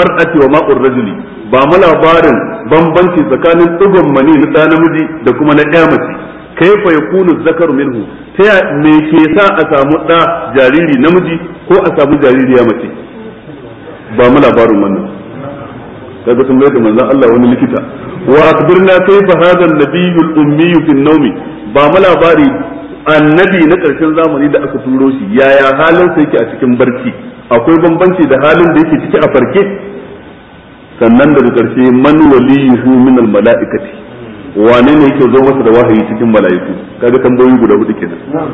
mar'ati wa ma'ur rajuli ba mu labarin bambanci tsakanin digon mani na ɗa namiji da kuma na ɗaya mace kaifa kunu zakaru minhu ta me ke sa a samu ɗa jariri namiji ko a samu jaririya mace ba mu labarin wannan kaga sun bai da manzon Allah wani likita wa akbirna kaifa hadha an-nabiyyul ummi fi an-nawmi ba mu labari annabi na karshen zamani da aka turo shi yaya halin sa yake a cikin barci akwai bambanci da halin da yake ciki a farke sannan daga karshe man hu min al malaikati wane ne yake zo masa da wahayi cikin malaiku kaga tambayoyi guda hudu kenan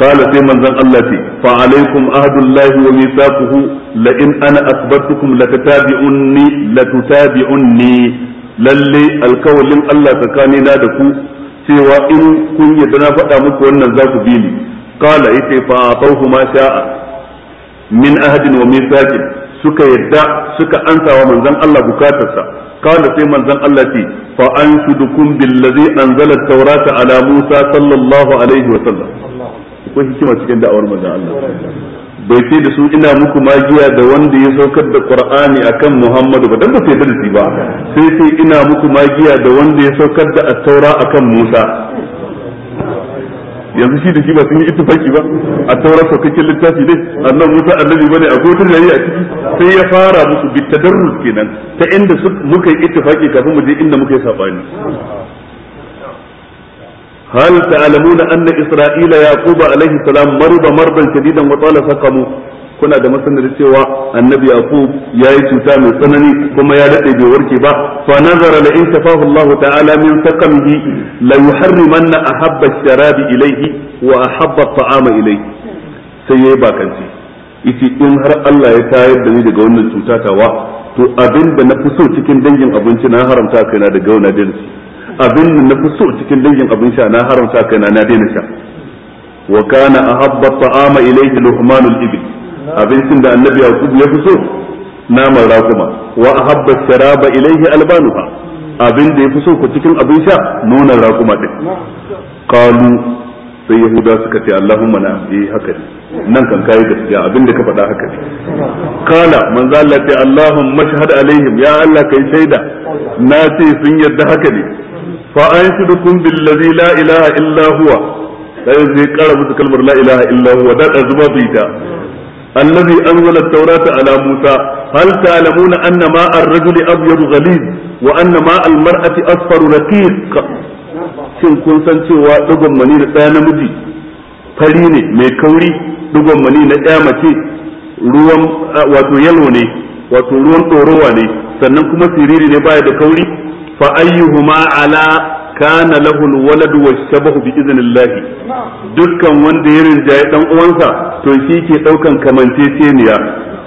قال sai من زن الله تي فعليكم عهد الله وميثاقه لئن انا اثبتكم لتتابعني لتتابعني للي الكولين الله تكاني لا دكو cewa in kun yadda na faɗa muku wannan za bi ni qala yace fa ahadin suka yadda suka ansa wa manzon Allah bukatarsa kala sai manzon Allah ce fa anshudukum billazi anzala at-taurata ala Musa sallallahu alaihi wa sallam ko hikima cikin da'awar manzon Allah bai ce da su ina muku magiya da wanda ya saukar da Qur'ani akan Muhammadu ba dan ba sai da ba sai sai ina muku magiya da wanda ya saukar da at-taura akan Musa yanzu shi da shi ba sun yi ittifaki ba a taura saukakken littafi ne annan musa annabi bane a gotar yayi a ciki sai ya fara musu bi tadarrus kenan ta inda muka yi ittifaki kafin mu je inda muka yi sabani هل تعلمون أن isra'ila يعقوب عليه marba marban مرضا wa وطال سقمه kuna da masanar cewa annabi yaqub yayi cuta mai tsanani kuma ya dade bai warke ba fa nazara la in tafahu Allah ta'ala min saqamihi la yuharrimanna ahabba sharabi ilayhi wa ahabba ta'ama ilayhi sai yayi bakanci yace in har Allah ya tayar da ni daga wannan cuta tawa to abin da na fi so cikin dangin abinci na haramta kaina daga wannan dinsu abin da na fi so cikin dangin abinci sha na haramta kaina na daina sha wa kana ahabba ta'ama ilayhi luhmanul ibil abincin da annabi yaqub ya fi so naman raƙuma wa ahabba sharaba ilaihi albanuha abin da ya fi so ku cikin abin sha nonon raƙuma din qalu sai yahuda suka ce allahumma na eh haka ne nan kan kai gaskiya abin da ka faɗa haka ne kala manzo Allah ta allahumma shahad alaihim ya Allah kai shaida na ce sun yadda haka ne fa anshidukum billazi la ilaha illa huwa sai zai kara musu kalmar la ilaha illa huwa da zuba su allazi anzala at-taurata ala Musa hal ta'lamuna anna ma ar-rajuli abyad ghalid wa anna ma al-mar'ati asfar raqiq shin kun san cewa dugon mani da ɗaya namiji fari ne mai kauri dugon mani na ɗaya mace ruwan wato yalo ne wato ruwan ɗorowa ne sannan kuma siriri ne baya da kauri fa ayyuhuma ala kana lahul waladu wa shabahu bi idnillahi dukkan wanda ya rinjaye ɗan uwansa to shi ke daukan kamanceceniya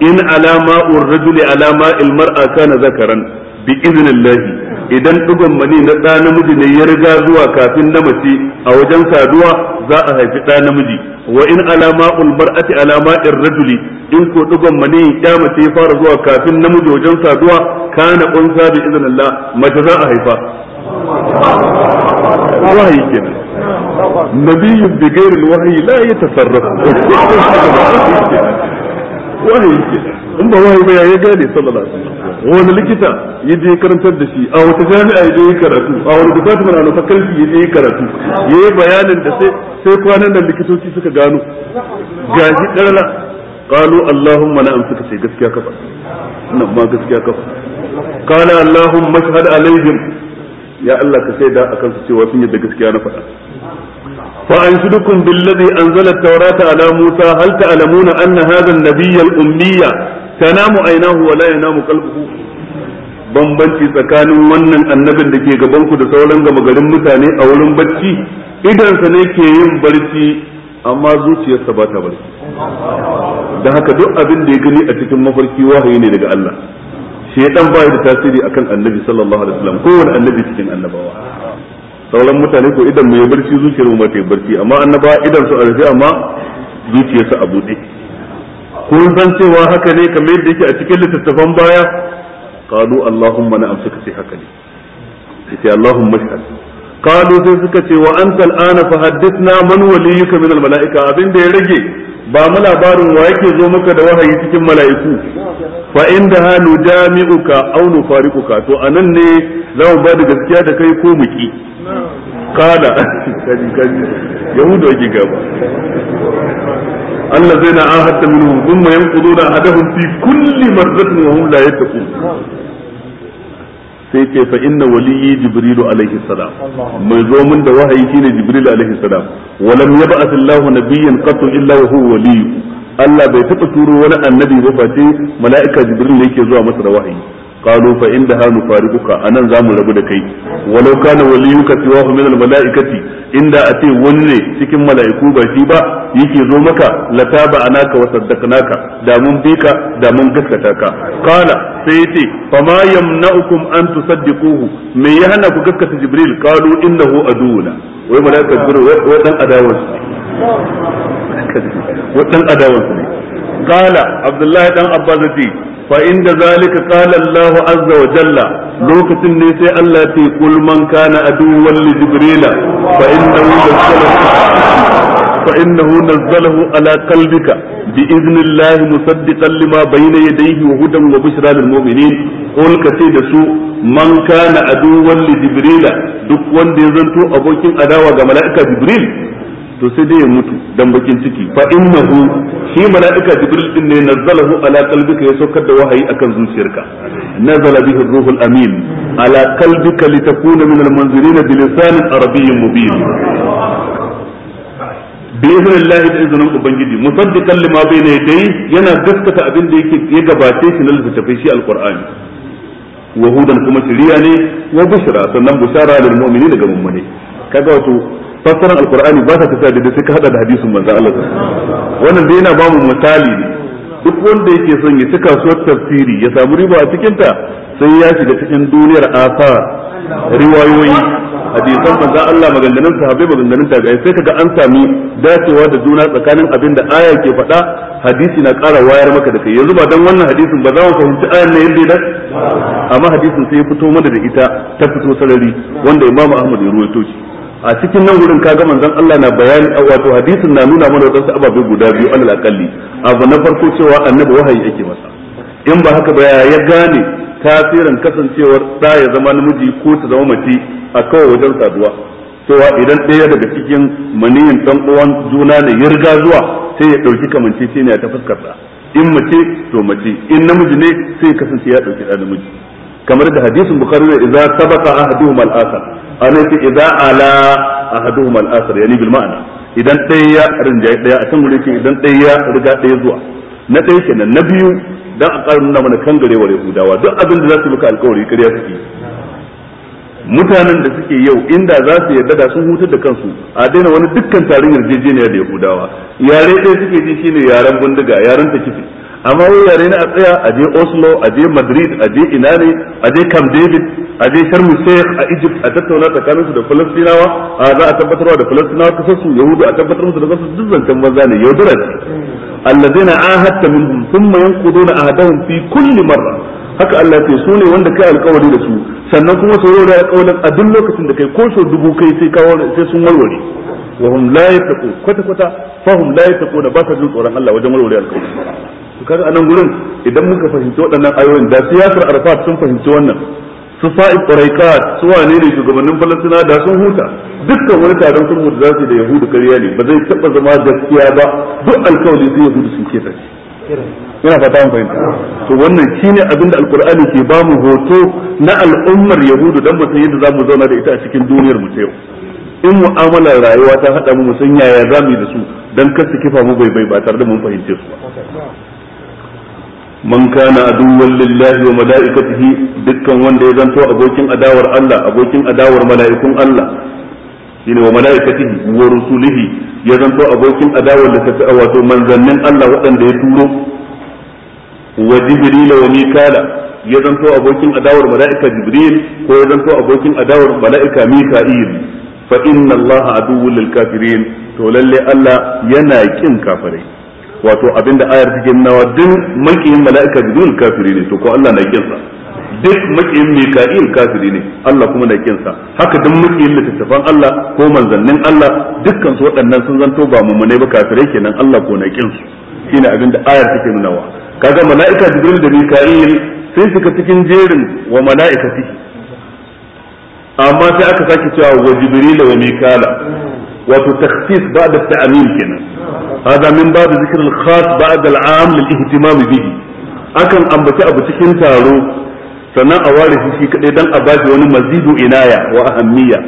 in alama urrajuli alama ilmar'a kana zakaran bi idnillahi idan dugon mani na ɗa namiji ne ya riga zuwa kafin na mace a wajen saduwa za a haifi ɗa namiji wa in alama ulmar'ati alama irrajuli in ko dugon mani ya mace ya fara zuwa kafin namiji wajen saduwa kana unsa bi idnillah mace za a haifa wahayi kenan nabiyyun bi ghairi wahayi la yatasarrafu wahayi kenan in ba wahayi ba ya gane sallallahu alaihi wasallam wani likita yaje karantar da shi a wata jami'a yaje karatu a wani department a wata kalfi ya karatu yayi bayanin da sai sai kwanan nan likitoci suka gano gaji karala قالوا اللهم انا امسك سي غسكيا كفا نعم ما غسكيا كفا قال اللهم اشهد عليهم ya Allah ka shaida akan su cewa sun da gaskiya na faɗa fa anshudukum billadhi anzala at-taurata ala Musa hal ta'lamuna anna na an-nabiy al-ummiyya tanamu aynahu wa la yanamu qalbuhu bambanci tsakanin wannan annabin da ke gaban ku da sauran gama garin mutane a wurin bacci idan sa ne ke yin barci amma zuciyarsa ba ta barci da haka duk abin da ya gani a cikin mafarki wahayi ne daga Allah shedan ba da tasiri akan annabi sallallahu alaihi wasallam kowane annabi cikin annabawa sauran mutane ko idan mai barci zuciyar mu ta barci amma annaba idan su arfi amma zuciyar su a bude kun san cewa haka ne kamar yadda yake a cikin littattafan baya qalu allahumma na amsuka ce haka ne yace allahumma shahad qalu sai suka ce wa anta al'ana fa hadithna man waliyuka min al mala'ika abin da ya rage ba mu labarin wa yake zo maka da wahayi cikin mala'iku fa inda ha jami'uka aw fariquka to anan ne za mu ba da gaskiya da kai ko muki kala kaji kaji yahudu ake gaba Allah zai na ahadda minhum thumma yanquduna ahadahum fi kulli marzatin wa hum la yattaqun sai ce fa inna waliyyi jibrilu alaihi salam mai zo min da wahayi shine jibril alaihi salam wa lam yab'ath Allah nabiyyan qattu illa wa huwa waliyyu Allah bai taba turo wani annabi ba face mala'ika jibril ne yake zuwa masa da wahayi قالوا فإنها نفارقك أنا زام رب دكي ولو كان وليك سواه من الملائكة إن أتي ولي سكن ملائكو بشيبا يكي زومك لتاب عناك وصدقناك دامن بيك دامن قسكتاك قال سيتي فما يمنعكم أن تصدقوه من يهنا فقسكة جبريل قالوا إنه أدونا وملائكة جبريل وطن أداوز وطن أداوز qala abdullahi dan abbas ce fa zalika qala allah azza wa jalla lokacin ne sai allah ya ce kul man kana aduwwan li jibrila fa innahu فإنه نزله على قلبك بإذن الله مصدقا لما بين يديه وهدى وبشرى للمؤمنين قل كثير سوء من كان عدوا لجبريل duk wanda ya zanto abokin adawa ga mala'ika jibril to sai dai ya mutu dan bakin ciki fa innahu shi malaika jibril din ne nazzalahu ala qalbika ya saukar da wahayi akan zuciyarka nazala bihi ruhul amin ala qalbika litakuna min almunzirin bi lisanin mubin باذن الله باذن ubangiji musaddiqan lima bayna yadayhi yana gaskata abin da yake ya gabace shi na littafin shi alqur'ani wa hudan kuma shiriya ne wa bushra sannan bushara lil mu'minina ga mu'mini kaga wato fassaran alkurani ba ta tafiya daidai sai ka hada da hadisin manzo Allah wannan dai yana ba mu misali ne duk wanda yake son ya ci kasuwar tafsiri ya samu riba a cikin ta sai ya shiga cikin duniyar asar riwayoyi hadisan manzo Allah maganganun sahabbai maganganun tabi'ai sai kaga an sami dacewa da juna tsakanin abin da aya ke faɗa hadisi na ƙara wayar maka da kai yanzu ba dan wannan hadisin ba za mu fahimci ayan ne yadda amma hadisin sai ya fito mana da ita ta fito sarari wanda imamu Ahmad ya ruwaito shi a cikin nan gurin kaga manzon Allah na bayani wato hadisin na nuna mana wadansu ababe guda biyu alal akalli abu na farko cewa annabi wahayi yake masa in ba haka ba ya gane tasirin kasancewar da ya zama namiji ko ta zama mace a kawai wajen saduwa cewa idan ɗaya daga cikin maniyin dan uwan juna ne ya riga zuwa sai ya ɗauki kamanceceniya ta fuskar in mace to mace in namiji ne sai kasance ya ɗauki da namiji kamar da hadisin bukhari ne idza sabaqa ahaduhum al-akhar ana idza ala ahaduhum al-akhar yani bil ma'ana idan ɗaya ya rinjaye ɗaya a can gurin idan ɗaya ya riga ɗaya zuwa na ɗaya kenan na biyu dan a ƙara nuna mana kan kangarewar yahudawa duk abin da za su maka alƙawari kariya suke mutanen da suke yau inda za su yarda da sun hutar da kansu a daina wani dukkan tarin yarjejeniya da yahudawa yare ɗaya suke ji shine yaren bindiga yaren ta kifi amma yare ne a tsaya a je Oslo a je Madrid a je ina ne a je Camp David a je sharmu Sheikh a Egypt a tattauna tsakanin su da Falastinawa a za a tabbatarwa da Falastinawa kasar su Yahudu a tabbatar musu da kasu duk zancen banza ne yaudara ce allazina ahadta minhum thumma yanquduna ahadahum fi kulli marra haka Allah ce su ne wanda kai alkawari da su sannan kuma su rora alkawarin a duk lokacin da kai ko so dubu kai sai kawo sai sun warware wa hum la yattaqu kwata kwata fa hum la yattaqu da ba ta jin tsoron Allah wajen warware alkawari to kaga anan gurin idan muka fahimci waɗannan ayoyin da siyasar arafat sun fahimci wannan su fa'id quraiqat su wane ne shugabannin falastina da sun huta dukkan wani taron sun za zasu da yahudu karya ne ba zai taɓa zama gaskiya ba duk alkawali sai yahudu sun kesa yana fata mun fahimta to wannan shine abinda alqur'ani ke ba mu hoto na al'ummar yahudu dan mu san yadda mu zauna da ita a cikin duniyar mu ta yau in mu'amalar rayuwa ta hada mu mu san yaya zamu yi da su don kar su kifa mu bai bai ba tare da mun fahimce su man kana aduwwan lillahi wa mala'ikatihi dukkan wanda ya zanto abokin adawar Allah abokin adawar mala'ikun Allah shine wa mala'ikatihi wa rusulihi ya zanto abokin adawar da wato manzannin Allah waɗanda ya turo wa jibril wa mikala ya zanto abokin adawar mala'ika jibril ko ya zanto abokin adawar mala'ika to lalle Allah yana ƙin kafirai wato abinda ayar take nawa duk makiyin mala'ika bidul kafiri ne to ko Allah na kinsa duk makiyin mika'il kafiri ne Allah kuma na kinsa haka duk makiyin littattafan Allah ko manzannin Allah dukkan su waɗannan sun zanto ba mummunai ba kafirai kenan Allah ko na kinsu shine abinda ayar take nunawa kaga mala'ika jibril da mika'il sai suka cikin jerin wa mala'ikati amma sai aka sake cewa wa jibril wa mika'ila wato takhsis ba'd at-ta'mim kenan hada min ba'd zikr al-khas ba'd al-am lil-ihtimam bihi akan ambaci abu cikin taro sannan a ware shi kadai dan a bashi wani mazidu inaya wa ahammiya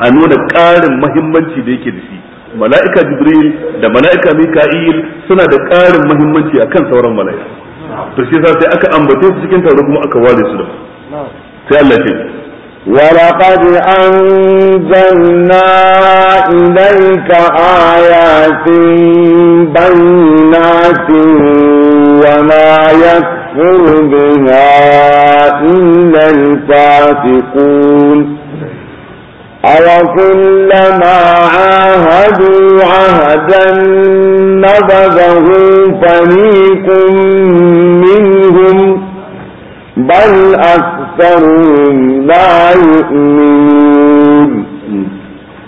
a nuna ƙarin muhimmanci da yake da shi mala'ika jibril da mala'ika mika'il suna da ƙarin muhimmanci akan sauran mala'ika to shi sai aka ambace su cikin taro kuma aka ware su da sai Allah ya ولقد أنزلنا إليك آيات بينات وما يكفر بها إلا الفاسقون أوكلما عاهدوا عهدا نبذه فريق منهم بل أكثر أكثرهم لا يؤمنون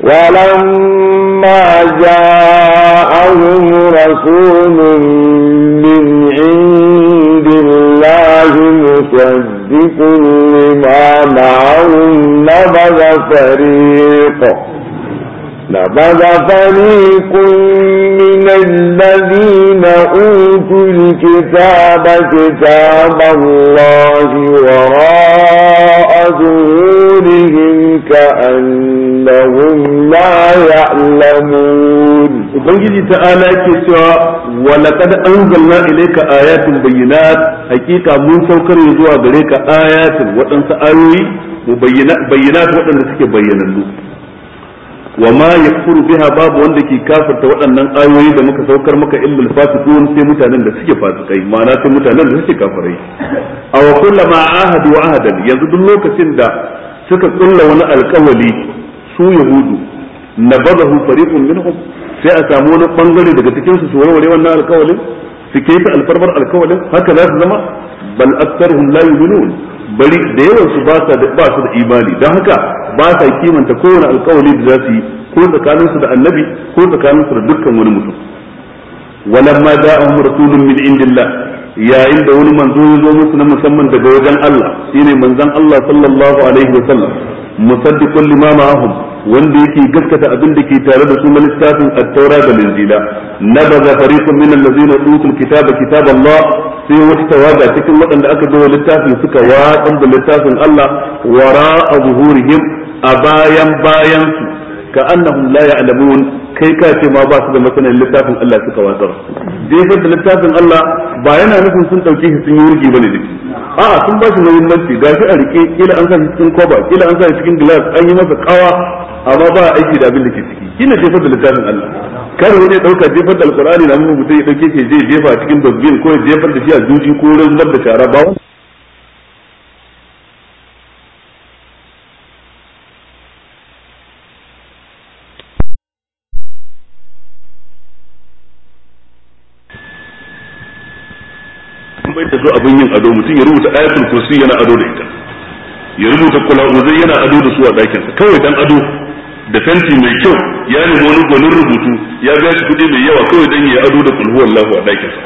ولما جاءهم رسول من عند الله مصدق لما معهم نبذ فريق لبذ فريق من الذين أوتوا الكتاب كتاب الله وراء ظهورهم كأنهم لا يعلمون Ubangiji ta'ala yake cewa wa laqad anzalna ilayka ayatin bayyinat hakika mun saukar zuwa gare ka ayatin wadansu ayoyi bayyinat wadanda suke bayyanannu wa ma yakfuru biha babu wanda ke kafarta waɗannan ayoyi da muka saukar maka illal fasiqun sai mutanen da suke fasikai ma'ana sai mutanen da suke kafirai aw kullama ahadu ahadan yanzu duk lokacin da suka kulla wani alkawali su yahudu nabadahu fariqun minhum sai a samu wani bangare daga cikin su su warware wannan alkawalin su keta alfarmar alkawalin haka za su zama bal aktsaruhum la yu'minun bari da yawan su ba su da imani dan haka ba sa kimanta kowane alkawari da za su yi ko tsakanin su da annabi ko tsakanin su da dukkan wani mutum walamma da'ahum rasulun min indillah yayin da wani manzo ya zo musu na musamman daga wajen Allah shine manzon Allah sallallahu alaihi wa sallam musaddiqun lima ma'ahum wanda yake gaskata abin da ke tare da su na littafin at-taura da linjila nabaza fariqun min allazina utul kitaba kitab sai wata tawaga cikin waɗanda aka zo littafin suka watsa da littafin Allah wara wara'a zuhurihim a bayan bayan su ka annahum la ya'lamun kai ka ce ma ba su da masanin littafin Allah suka watsar dai da littafin Allah ba yana nufin sun dauke shi sun yi wurgi bane a a'a sun ba shi muhimmanci ga shi a rike kila an sa shi cikin koba kila an sa shi cikin glass an yi masa kawa amma ba aiki da abin da ke ciki kina jefar da littafin Allah kar wani dauka jefar da alqur'ani na mu mutai dauke shi je jefa cikin dozbin ko ya jefar da shi a juji ko wurin da shara ba mutum ya rubuta ayatul kursi yana ado da ita ya rubuta kula yana ado da su a ɗakinsa kawai dan ado da fenti mai kyau ya nemi wani gwanin rubutu ya biya shi kuɗi mai yawa kawai dan ya ado da kulhu wallahu a ɗakinsa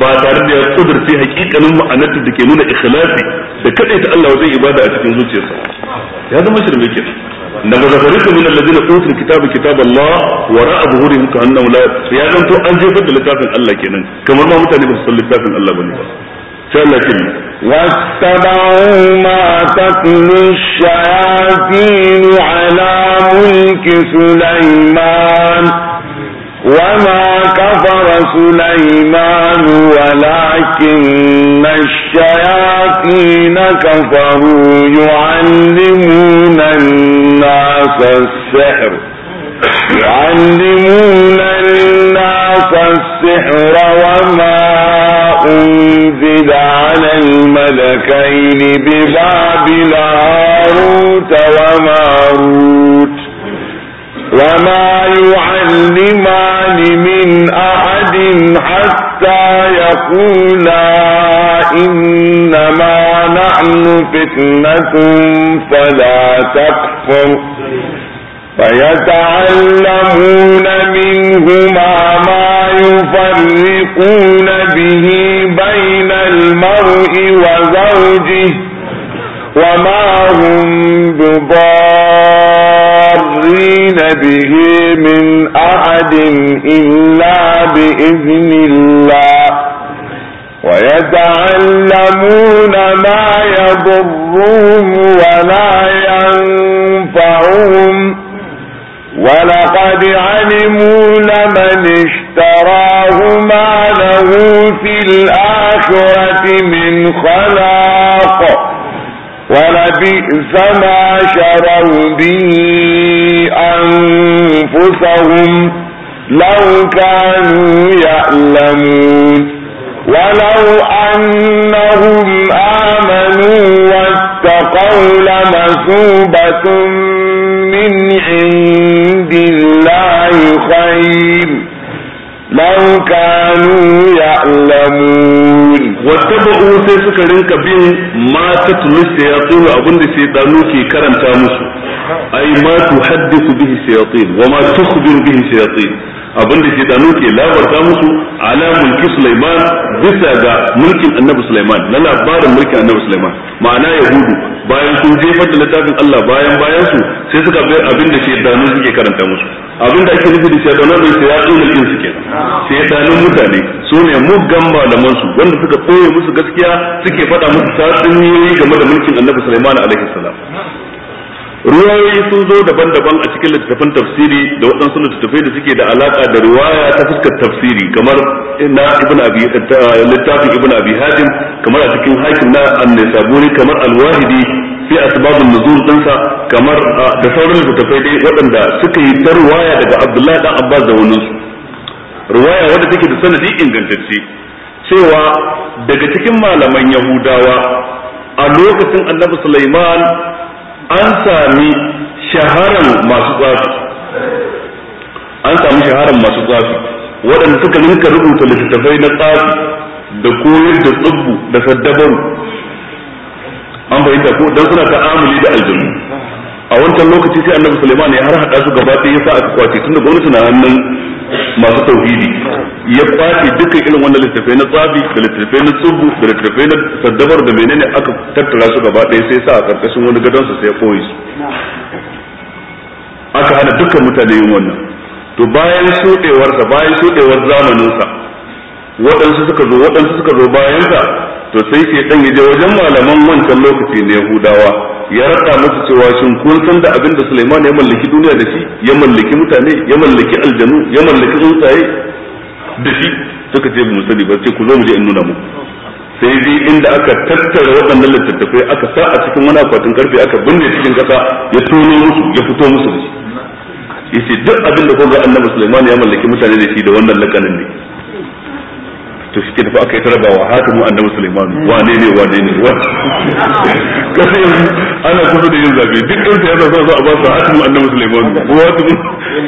ba tare da ya kudurce hakikanin ma'anar da ke nuna ikhlasi da ta Allah wajen ibada a cikin zuciyarsa ya zama shirme kenan daga zakarika min allazina utul kitaba kitab Allah wa ra'a zuhurihim ka annahu la ya zanto an jefar da littafin Allah kenan kamar ma mutane ba su san littafin Allah bane ba ثلاثين واتبعوا ما تتلو الشياطين على ملك سليمان وما كفر سليمان ولكن الشياطين كفروا يعلمون الناس السحر يعلمون الناس السحر وما على الملكين ببابل هاروت وماروت وما يعلمان من أحد حتى يقولا إنما نحن فتنة فلا تكفر فيتعلمون منهما ما يفرقون به بين المرء وزوجه وما هم بضارين به من أحد إلا بإذن الله ويتعلمون ما يضرهم ولا ينفعهم ولقد علموا لمن اشتراه ما له في الآخرة من خلاق ولبئس ما شروا به أنفسهم لو كانوا يعلمون ولو أنهم آمنوا واتقوا لمثوبة من عند بالله خير لو كانوا يعلمون واتبعوا سيسك رنك بين ما تتلو الشياطين أبن الشيطان كي كرم تامس أي ما تحدث به الشياطين وما تخبر به الشياطين abin da shedanu ke labarta musu ala mulki Sulaiman bisa ga mulkin Annabi Sulaiman na labarin mulkin Annabi Sulaiman ma'ana yahudu bayan sun jefar da littafin Allah bayan bayan su sai suka bayar abin da shedanu suke karanta musu abin da ake nufi da shedanu ne sai ya tsoma jin su kenan mutane su ne muggan malaman su wanda suka koye musu gaskiya suke faɗa musu tatsuniyoyi game da mulkin Annabi Sulaiman alaihi salam ruwayoyi sun zo daban-daban a cikin littattafan tafsiri da waɗansu littattafai da suke da alaka da ruwaya ta fuskar tafsiri kamar na ibn abi littafin ibn abi hajim kamar a cikin hakim na an kamar alwahidi wahidi fi asbabun nuzul dinsa kamar da sauran littattafai dai waɗanda suka yi ta ruwaya daga abdullahi dan abbas da wani ruwaya wadda take da sanadi ingantacce cewa daga cikin malaman yahudawa a lokacin annabi sulaiman an sami shaharan masu tsafi an sami shaharar masu tsafi waɗanda suka rinka rubuta littattafai na tsafi da koyar da tsubbu da saddabar an fahimta ko dan suna ta'amuli da aljanu a wancan lokaci sai annabi Sulaiman ya har haɗa su gaba ɗaya sa aka kwace tunda gwamnati na hannun masu tauhidi ya fashe dukkan irin wannan littattafai na tsabi da littattafai na tsubu da littattafai na saddabar da menene aka tattara su gaba ɗaya sai sa a ƙarƙashin wani gadon su sai ya koyi su aka hana dukkan mutane yin wannan to bayan shuɗewarsa bayan shuɗewar zamaninsa waɗansu suka zo waɗansu suka zo bayansa to sai ke dan je wajen malaman wancan lokaci na Yahudawa ya rada musu cewa shin kun san da abinda Sulaiman ya mallaki duniya da shi ya mallaki mutane ya mallaki aljanu ya mallaki tsuntsaye da shi suka ce mu sani ba sai ku zo mu je in nuna mu. sai dai inda aka tattara waɗannan littattafai aka sa a cikin wani akwatin karfe aka binne cikin kasa ya tono musu ya fito musu da shi yace duk abin da kun ga annabi Sulaiman ya mallaki mutane da shi da wannan lakanin ne to shi ke da aka yi taraba wa hatimu annabi sulaiman wane ne wane ne wa kasi ana kusa da yin zabe duk ɗan ta sa za a ba su hatimu annabi sulaiman ko hatimu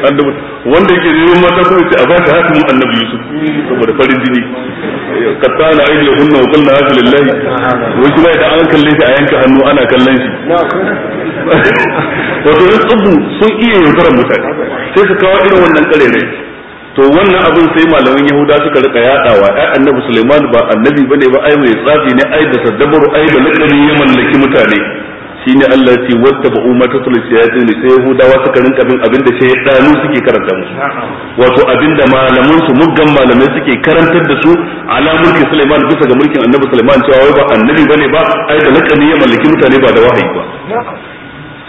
annabi wanda yake da yin mata kawai ce a ba su hatimu annabi yusuf saboda farin jini kattana aini ya kunna wakil na hafi lillahi wai kuma idan an kalle shi a yanka hannu ana kallon shi wato yin tsubu sun iya yaudarar mutane sai su kawo irin wannan kare ne to wannan abin sai malaman yahuda suka rika yadawa ai annabi sulaiman ba annabi bane ba ai mai tsafi ne ai da saddabar ai da lakari ya mallaki mutane shine Allah ya ce wadda ba umma ta tulsi ya ce sai yahudawa suka rinka bin abin da shaydanu suke karanta musu wato abin da malaman su muggan malamai suke karantar da su ala mulki sulaiman bisa ga mulkin annabi sulaiman cewa wai ba annabi bane ba ai da lakari ya mallaki mutane ba da wahayi ba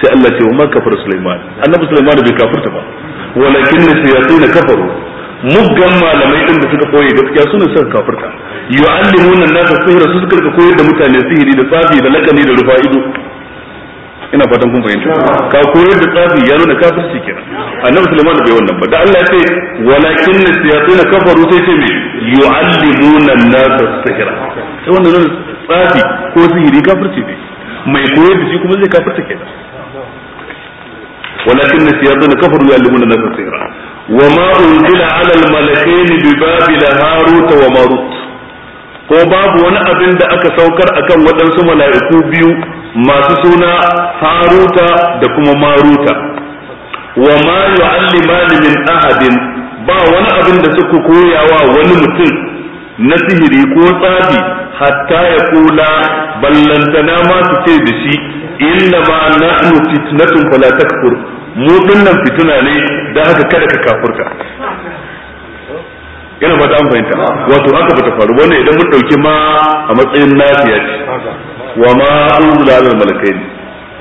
sai Allah ce wa ma kafara sulaiman annabi sulaiman bai kafirta ba walakin shayatin kafaru muggan malamai din da suka koyi gaskiya suna son kafirta yu'allimuna an-nasa sihra su suka koyar da mutane sihiri da tsafi da lakani da rufa'idu ina fatan kun fahimta ka koyar da tsafi ya nuna kafirci kenan annabi sulaiman bai wannan ba da Allah ce walakin nasiyatuna kafaru sai ce me yu'allimuna an sihira sai wannan tsafi ko sihiri kafirci ne mai koyar da shi kuma zai kafirta kenan walakin nasiyatuna kafaru yu'allimuna an-nasa sihra وما أنزل على الملكين ببابل هاروت وماروت ko babu wani abin da aka saukar akan waɗansu mala'iku biyu masu suna haruta da kuma maruta wa ma yu'allimani min ahadin ba wani abin da suka koyawa wani mutum na sihiri ko tsafi hatta ya kula ballantana ma su ce da shi inna ma na fitnatun fala takfur mu dinnan fituna ne da haka kada ka kafurta ina ba an fahimta wato haka bata faru ne idan mun ɗauki ma a matsayin nafiya ce wa ma unzila alal malakaini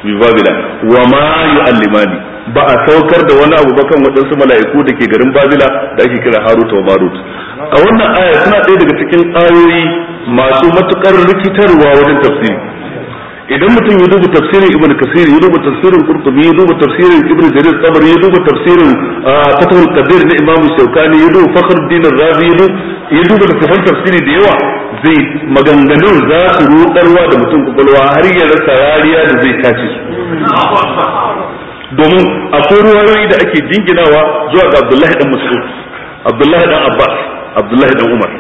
bi babila wa ma yu'allimani ba a saukar da wani abu ba kan waɗansu mala'iku da ke garin babila da ake kira harut wa marut a wannan aya suna ɗaya daga cikin ayoyi masu matukar rikitarwa wajen tafsiri idan mutum ya duba tafsirin ibn kasir ya duba tafsirin qurtubi ya duba tafsirin ibn jarir tabari ya duba tafsirin ah, fatahul qadir na imam shaukani ya duba fakhruddin razi ya duba ya duba tafsirin tafsiri da yawa zai maganganun za su rudarwa da mutum kwakwalwa har ya rasa rariya da zai tace su domin akwai ruwayoyi da ake jinginawa zuwa ga abdullahi dan mas'ud abdullahi dan abbas abdullahi dan umar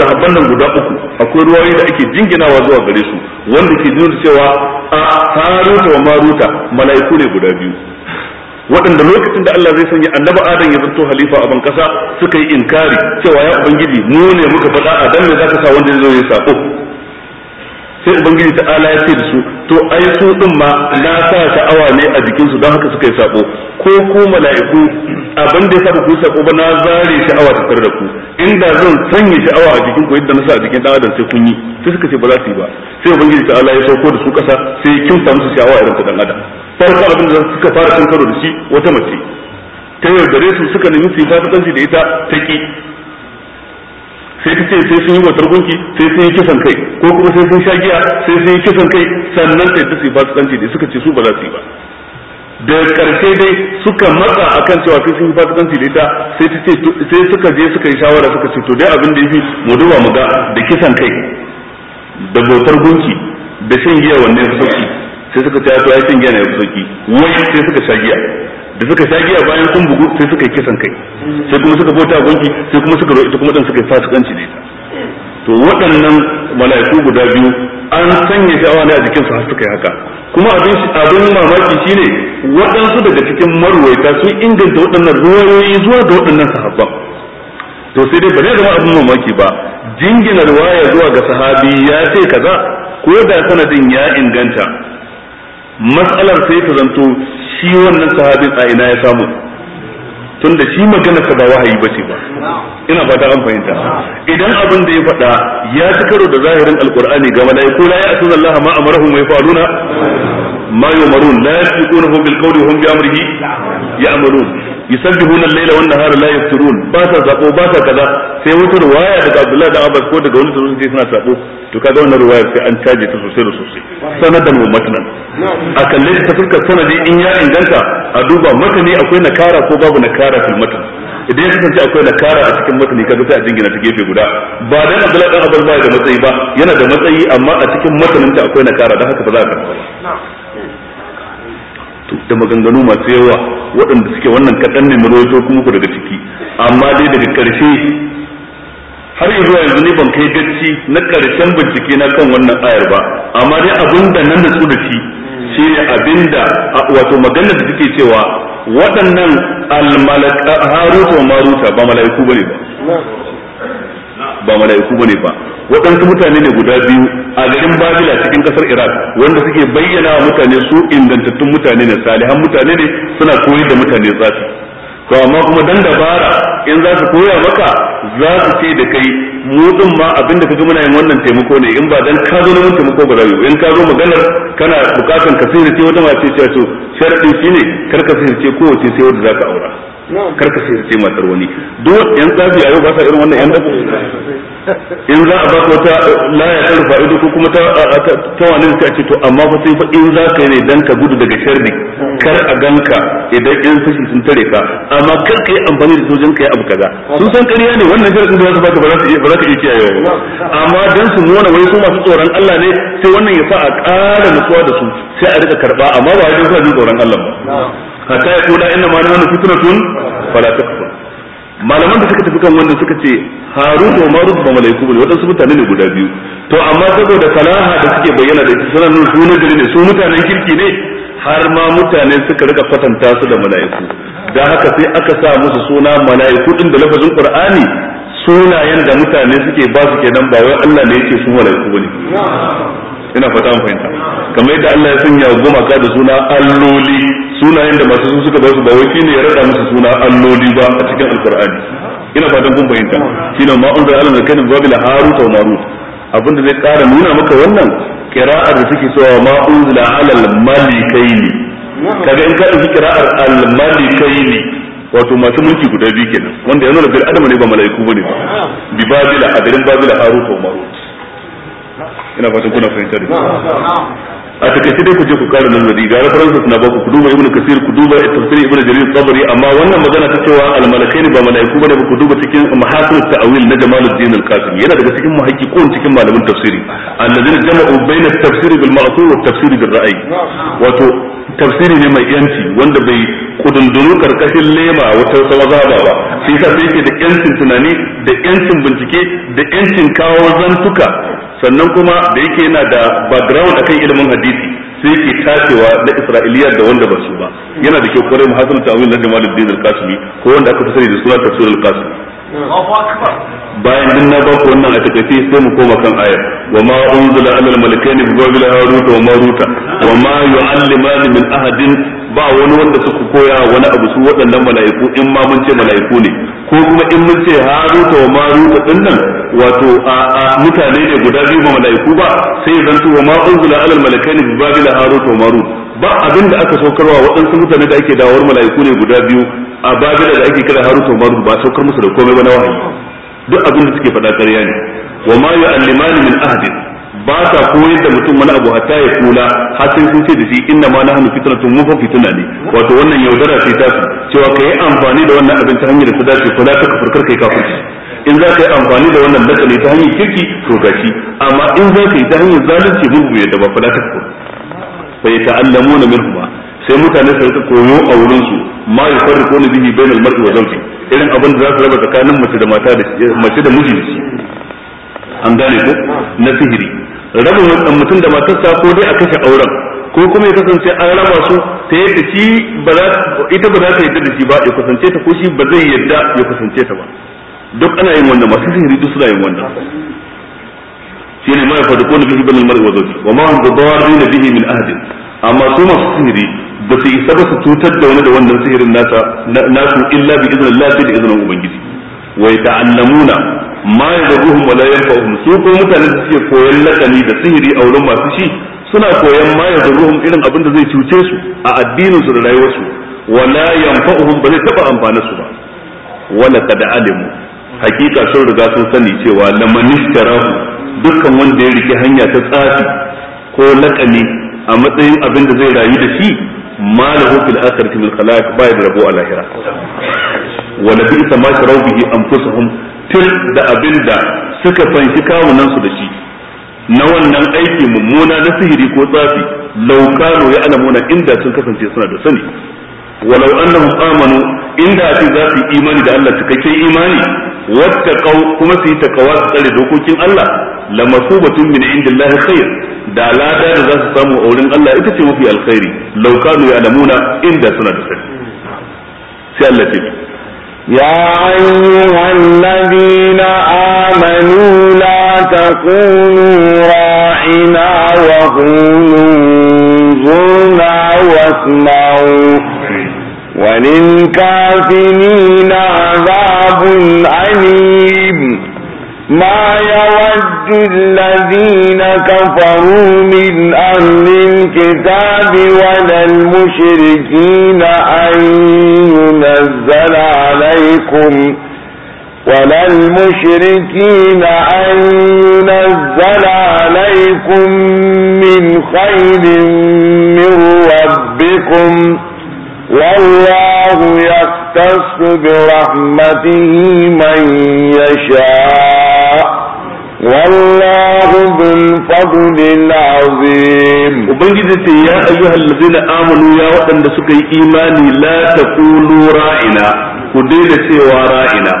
sahabban nan guda uku akwai ruwayoyi da ake jinginawa zuwa gare su wanda ke nuna cewa a haruta wa maruta mala'iku ne guda biyu waɗanda lokacin da Allah zai sanya annabi Adam ya zanto halifa a ban kasa suka yi inkari cewa ya ubangiji mu ne muka faɗa a dan me zaka sa wanda zai zo ya sako sai ubangiji ta'ala ya ce da su to ai su din ma na sa sha'awa ne a jikin su don haka suka yi sako ko ku mala'iku abin da yasa ku sako ba na zare sha'awa ta tare da ku inda zan sanya sha'awa a jikin ku yadda na sa a jikin dan adam sai kun yi sai suka ce ba za su yi ba sai ubangiji ta Allah ya sauko da su kasa sai kin ta musu sha'awa irin ta dan adam farko abin da suka fara kan karo da shi wata mace ta yaudare su suka nemi su yi fasikanci da ita ta ki sai ta ce sai sun yi wata gunki sai sun yi kisan kai ko kuma sai sun sha giya sai sun yi kisan kai sannan sai ta su yi fasikanci da suka ce su ba za su yi ba da karshe dai suka matsa akan cewa sai sun yi fasikanci da ita sai ta ce sai suka je suka yi shawara suka ce to dai abin da yafi mu duba mu ga da kisan kai da bautar gunki da shan giya wanne ya sauki sai suka ta to ai shan giya ne ya sauki wai sai suka sha giya da suka sha giya bayan sun bugu sai suka yi kisan kai sai kuma suka bauta gunki sai kuma suka ita kuma dan suka yi fasikanci da ita to waɗannan mala'iku guda biyu an sanya shawara ne a jikinsu har suka yi haka kuma abin abin mamaki shine waɗansu daga cikin marwaita sun inganta waɗannan ruwayoyi zuwa ga waɗannan sahabban to sai dai ba zai zama abin mamaki ba jingina riwaya zuwa ga sahabi ya ce kaza ko da sanadin ya inganta matsalar sai ta zanto shi wannan sahabin a ina ya samu tun da shi magana ka ba wahayi ba ce ba ina fata an fahimta idan abin da ya faɗa ya ci karo da zahirin alkur'ani ga malaiku la ya'tuna Allah ma amarahum wa faruna ما يؤمرون لا يسبقونه بالقول وهم بأمره يعملون يسبحون الليل والنهار لا يفترون باسا سابو sai wata ruwaya da Abbas ko daga wani tsoron sai suna an caje ta sosai da sosai ta fuskar sanadi in ya inganta a duba matani akwai nakara ko babu nakara fil ya kasance akwai nakara cikin matani kaga a jingina ta gefe guda ba dan Abdullahi dan Abbas ba da matsayi ba yana da matsayi amma a cikin matanin akwai nakara dan haka ba za a da maganganu masu yawa waɗanda suke wannan kaɗan ne rawaito kuma ku daga ciki amma dai daga ƙarshe har yanzu yanzu ne ban kai gacci na ƙarshen bincike na kan wannan ayar ba amma dai abin da nan da su da shi shine abin da wato maganar da suke cewa waɗannan almalaka haruta wa maruta ba mala'iku ne ba ba mala'iku bane ba waɗansu mutane ne guda biyu a garin babila cikin kasar iraq wanda suke bayyana wa mutane su ingantattun mutane ne salihan mutane ne suna koyar da mutane zasu to amma kuma dan dabara in za su koya maka za su ce da kai mu din ma abinda kaga muna yin wannan taimako ne in ba dan ka zo na taimako ba zai in ka zo maganar kana bukatan ka ce wata mace ce to sharadi shine kar ka sirri ce kowace sai wanda zaka aura karka sai ce matar wani duk yan tsafi a yau ba sa irin wannan yan dako in za a ba ka wata eh, laya ta rufa ido ko kuma ta ta wani ta ce to amma fa sai fa in za ka yi ne dan ka gudu daga sharri kar a ganka idan in fashi sun tare ka amma kar ka yi amfani da sojan ka yi abu kaza sun san kariya ne wannan sharadin da za su ba za ka iya ba za ka iya kiyaye ba amma dan su nuna wai su masu tsoron Allah ne sai wannan ya sa a ƙara nutsuwa da su sai a rika karba amma ba wajen sa jin tsoron Allah ba hatta ya kula inna ma nahnu fitnatun fala takfur malaman da suka tafi kan wannan suka ce harun da umaru ba malaiku bane wadansu mutane ne guda biyu to amma saboda salaha da suke bayyana da suna nuna su ne su mutanen kirki ne har ma mutane suka rika kwatanta su da malaiku da haka sai aka sa musu suna malaiku din da lafazin qur'ani sunayen da mutane suke ba su kenan ba wai Allah ne yake su malaiku bane ina fata an fahimta kamar yadda Allah ya sanya gumaka da suna alloli sunayen da masu sun suka ba su ba wai shine ya rada musu suna alloli ba a cikin alqur'ani ina fatan kun fahimta shine ma unzar alam da kanin babila harut wa marut abinda zai kara nuna maka wannan kira'ar da suke so ma unzila alal malikaini kaga in ka dauki kira'ar al malikaini wato masu mulki guda biyu kenan wanda ya nuna bil adama ne ba mala'iku bane ba bi babila a garin babila harut wa marut ina fatan kuna fahimta da a takaice dai ku je ku kara nazari ga references na baku ku duba kasir ku duba tafsir ibnu jarir sabri amma wannan magana ta cewa al ba malaiku bane ba ku duba cikin mahasin ta'wil na jamaluddin al qasim yana daga cikin muhaqqiqun cikin malamin tafsiri alladhina jama'u bayna at bil wa bil wato tafsiri ne mai yanci wanda bai kudundunu karkashin lema wata mazaba ba shi yasa sai yake da yancin tunani da yancin bincike da yancin kawo zantuka sannan kuma da yake yana da background akan ilimin hadisi sai yake tacewa na Isra'iliya da wanda ba su ba yana da kyau kwarai muhasan ta'awil na Jamaluddin al-Qasimi ko wanda aka fi sani da sunan tafsir al bayan din na ba ku wannan a takaice sai mu koma kan ayar wa ma unzila alal malakaini bi babil haruta wa maruta wa ma yu'allimani min ahadin ba wani wanda suka koya wani abu su waɗannan mala'iku in ma mun ce mala'iku ne ko kuma in mun ce haruta wa maruta dinnan wato a mutane ne guda biyu ba mala'iku ba sai zan zanto wa ma zula alal ne bi babila haruta wa maru ba abin da aka saukarwa waɗansu mutane da ake dawar mala'iku ne guda biyu a babila da ake kira haruta wa maru ba saukar musu da komai ba na wahayi duk abin da suke faɗa ƙarya ne wa ma ya'allimani min ahadin ba sa koyar da mutum wani abu hatta ya kula har sai sun ce da shi inna ma nahnu fitratun mu fa fitna ne wato wannan yaudara ce ta su cewa kai amfani da wannan abin ta hanyar da dace ko da ka kafirkar kai kafirci in za ka yi amfani da wannan lakani ta hanyar kirki to gashi amma in za ka yi ta hanyar zalunci mun buye da ba fa ta kafir fa yata'allamuna ba sai mutane su rika koyo a wurin su ma yufarriquna bihi bainal mar'i wa zawji irin abin da za su raba tsakanin mace da mata da mace da miji an gane ko na sihiri rabin wannan mutum da matarsa ko dai a kashe auren ko kuma ya kasance an raba su ta yadda shi ba za ita ba za ta yadda da shi ba ya kasance ta ko shi ba zai yadda ya kasance ta ba duk ana yin wannan masu sihiri duk suna yin wannan shi ne ma ya ko kone bihi banin mar'i wa wa ma hum bidarrina bihi min ahadin amma su masu sihiri ba su isa ba su cutar da wani da wannan sihirin nasa nasu illa bi iznillah sai da izinin ubangiji wa ta'allamuna ma yadhuhum wala la yanfa'uhum su ko mutane da suke koyan lakani da sihiri a wurin masu shi suna koyan ma ruhun irin abin da zai cuce su a addinin su da rayuwar su wala la yanfa'uhum ba zai taba amfana su ba wala qad alimu hakika sun riga sun sani cewa lamanistarahu dukkan wanda ya rike hanya ta tsafi ko lakani a matsayin abin da zai rayu da shi ma lahu fil akhirati min khalaq ba da rabo a lahira wala bi ma bihi anfusuhum fil da abin da suka fanshi kawunan su da shi na wannan aiki mummuna na sihiri ko tsafi laukano ya alamuna inda sun kasance suna da sani walau annahum amanu inda ake za su yi imani da Allah cikakken imani wata kuma su yi takawa su tsare dokokin Allah masubatun min indillahi khair da lada da za su samu a wurin Allah ita ce mafi alkhairi laukano ya alamuna inda suna da sani sai Allah ce يا أيها الذين آمنوا لا تقولوا راعنا وقولوا انظرنا واسمعوا وللكافرين عذاب أليم ما يود الذين كفروا من أهل الكتاب ولا المشركين أن ينزل عليكم ولا المشركين أن ينزل عليكم من خير من ربكم والله يختص برحمته من يشاء والله ذو الفضل العظيم وبنجي يا أيها الذين آمنوا يا وطن سكي إيماني لا تقولوا رائنا كدين سوى رائنا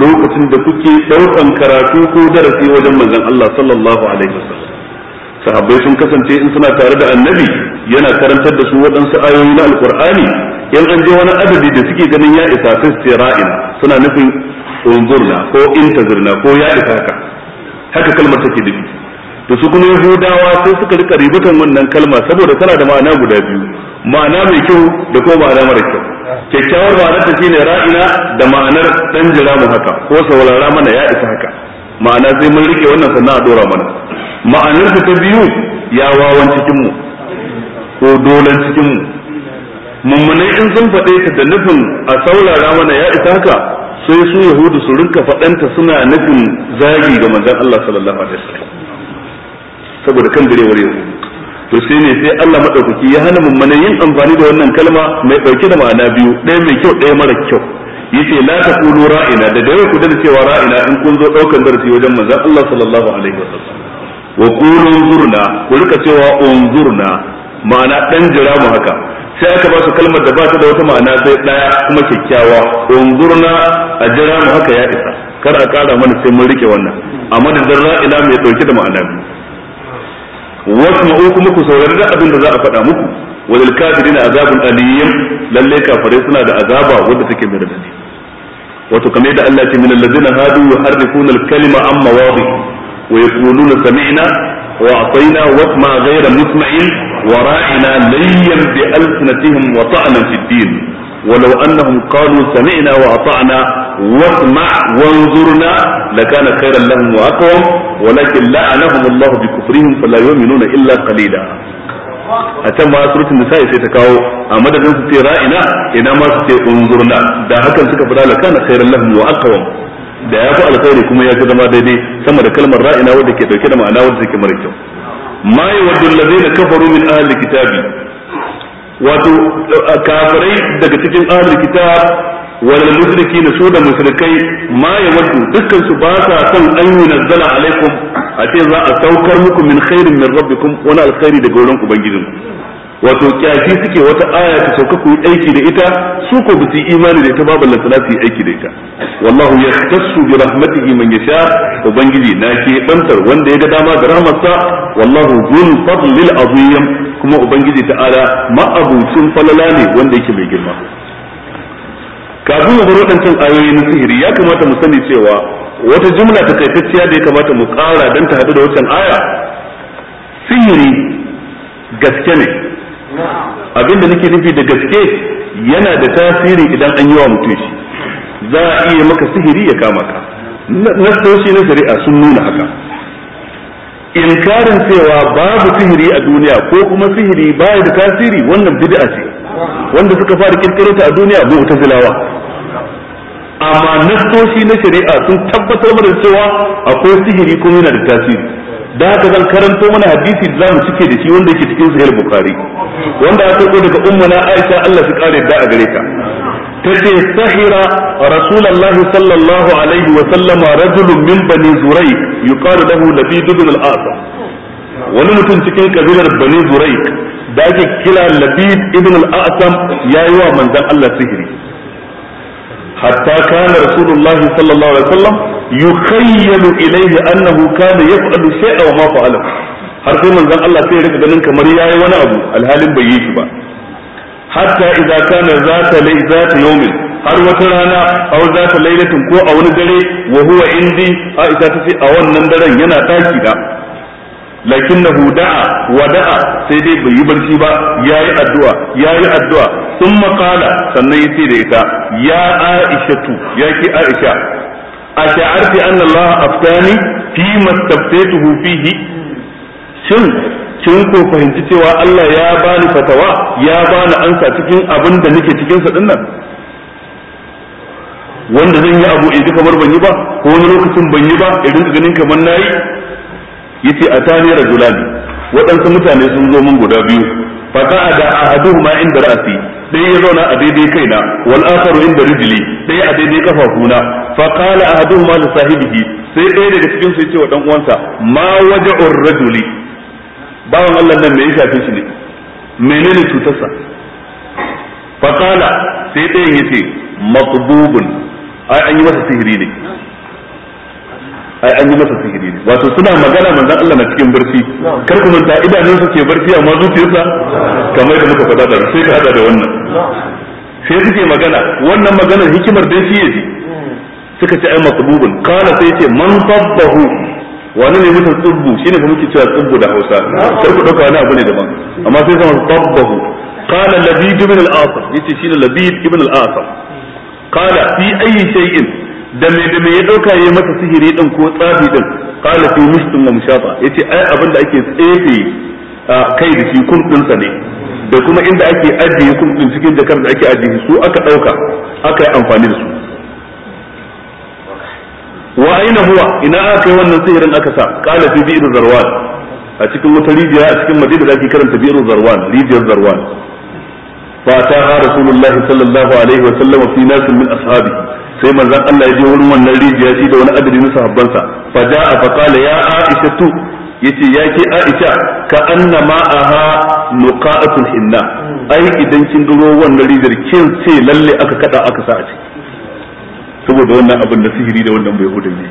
lokacin da kuke ɗaukan karatu ko darasi wajen manzon Allah sallallahu alaihi wasallam sahabbai sun kasance in suna tare da annabi yana karantar da su waɗansu ayoyi na alkur'ani in an je wani adadi da suke ganin ya isa sai su ra'ina suna nufin unzurna ko intazirna ko ya isa haka haka kalmar take dubi to su kuma yahudawa sai suka rika ributan wannan kalma saboda tana da ma'ana guda biyu ma'ana mai kyau da ko ma'ana mara kyau kyakkyawar ma'anar ta shine ra'ina da ma'anar dan jira mu haka ko saurara mana ya isa haka ma'ana sai mun rike wannan sannan a dora mana ma'anarsa ta biyu ya wawan cikin mu ko dolan cikin mu mummunai in sun faɗe ta da nufin a saurara mana ya isa haka sai su yahudu su rinka faɗanta suna nufin zagi ga manzon Allah sallallahu alaihi wasallam saboda kan direwar yahudu to sai ne sai Allah madaukaki ya hana mummunai yin amfani da wannan kalma mai ɗauke da ma'ana biyu ɗaya mai kyau ɗaya mara kyau yace la taqulu ra'ina da dai ku da cewa ra'ina in kun zo daukan darasi wajen manzon Allah sallallahu alaihi wasallam wa qulu unzurna ku rika cewa unzurna ma'ana dan jira mu haka sai aka ba su kalmar da ba ta da wata ma'ana sai daya kuma kyakkyawa unzurna a jira mu haka ya isa kar a kara mana sai mun rike wannan amma da zarra ila mai dauke da ma'ana wasma'u kuma ku saurari da abin da za a faɗa muku wa lil kafirin azabun aliyyin lalle kafirai suna da azaba wanda take mai radadi wato kamar da Allah ya ce min allazina hadu yuharrifuna al-kalima amma mawadihi ويقولون سمعنا وأعطينا واسمع غير مسمع وراعنا ليا بألسنتهم وطعنا في الدين ولو أنهم قالوا سمعنا وأطعنا واسمع وانظرنا لكان خيرا لهم وأقوم ولكن لعنهم الله بكفرهم فلا يؤمنون إلا قليلا أتم آية سورة النساء surutun nisa sai ta kawo a madadin su ce ra'ina ina ma su ce unzurna da hakan da ya fi alkhairi kuma ya fi zama daidai sama da kalmar ra'ina wadda ke dauke da ma'ana wadda take mara kyau ma lalai da kafaru min ahli kitabi wato kafirai daga cikin ahal kitab wal na su da musulkai ma yawaddu dukkan su ba sa son an zala alaikum a ce za a saukar muku min khairin min rabbikum wani alkhairi daga wurin ubangijinku wato kyashi suke wata aya ta sauka ku yi aiki da ita su ko bisi imani da ita ba ballan su yi aiki da ita wallahu ya yahtassu bi rahmatihi man yasha ubangiji na ke bantar wanda ya ga dama da rahmatsa wallahu dhul fadlil azim kuma ubangiji ma ma'abucin falala ne wanda yake mai girma kafin mu bar waɗancan ayoyi na sihiri ya kamata mu sani cewa wata jumla ta kaitacciya da ya kamata mu kara dan ta hadu da wancan aya sihiri gaske ne abinda nake nufi da gaske yana da tasiri idan an yi wa mutum shi za a iya maka sihiri ya kama ka nasoshi na shari'a sun nuna haka inkarin cewa babu sihiri a duniya ko kuma sihiri baya da tasiri wannan bid'a ce wanda suka fara kirkiro ta a duniya ta zilawa. amma nasoshi na shari'a sun tabbatar mana cewa akwai sihiri kuma yana da tasiri da haka zan karanto mana hadisi da zamu cike da shi wanda yake cikin sahih bukhari wanda aka ko daga ummuna aisha Allah ta kare da a gare ta tace sahira rasulullahi sallallahu alaihi wa sallam rajulun min bani zurai yuqalu lahu labid ibn al-asa wani mutum cikin kabilar bani zurai da ake kira labid ibn al-asam yayi wa manzon Allah sihiri hatta kana rasulullahi sallallahu alaihi wa sallam yukhayyalu ilayhi annahu kana yaf'alu shay'a wa ma fa'ala har sai manzon Allah sai ya ganin kamar yayi wani abu alhalin bai yi shi ba hatta idza kana zata lay zata yawmin har wata rana aw zata lailatin ko a wani dare wa huwa indi Aisha tace a wannan daren yana taki da lakinnahu da'a wa da'a sai dai bai yi barci ba yayi addu'a yayi addu'a sun makala sannan yace da ita ya tu ya ki aisha asha'arti anna Allah aftani fi mastaftaytuhu fihi shin kin ko fahimci cewa Allah ya bani fatawa ya bani ansa cikin abin da nake cikin sa dinnan wanda zan yi abu idan kamar ban yi ba ko wani lokacin ban yi ba idan ka ganin kamar nayi yace atani rajulani waɗansu mutane sun zo mun guda biyu fa qa'ada ma inda ra'si ɗaya ya zauna a daidai kaina wal akharu inda rijli dai a daidai kafafuna fa qala ahaduhuma li sahibihi sai ɗaya daga cikin su ya yace wa dan uwansa ma waja'ur rajuli bawan Allah nan me ya shafe shi ne menene cutarsa fa qala sai dai yace matbubun ai an yi masa sihiri ne ai an yi masa sihiri ne wato suna magana manzo Allah na cikin barci kar ku manta idanun su ke barci amma zuciyarsa kamar da muka faɗa da sai ka hada da wannan sai suke magana wannan magana hikimar dai shi yaji hmm. suka ce ai maqbubun kana sai ce man tabbahu wani ne mutum tsubbu shine fa muke cewa tsubbu da Hausa kar ku dauka wani abu ne daban amma sai sama tabbahu kana labid ibn al-asr yace shine labid ibn al-asr قال في أي شيء da dame da me ya dauka yayi masa sihiri din ko tsafi din qala fi mushtun wa mushafa yace ai abin da ake tsefe kai da shi kun din sa ne da kuma inda ake ajiye kun din cikin jakar da ake ajiye su aka dauka aka yi amfani da su wa aina huwa ina aka yi wannan sihirin aka sa qala fi bi'r zarwan a cikin wata rijiya a cikin madina da ake karanta bi'r zarwan rijiyar zarwan فأتاها رسول الله sallallahu alaihi wa وسلم في ناس من sai manzon Allah ya je wurin wannan rijiya shi da wani adadi na sahabban sa fa da'a fa qala ya aisha tu yace ya ke aisha ka anna aha nuqa'atul hinna ai idan kin duro wannan rijiyar kin ce lalle aka kada aka sa a ciki saboda wannan abin da sihiri da wannan bai hudu ne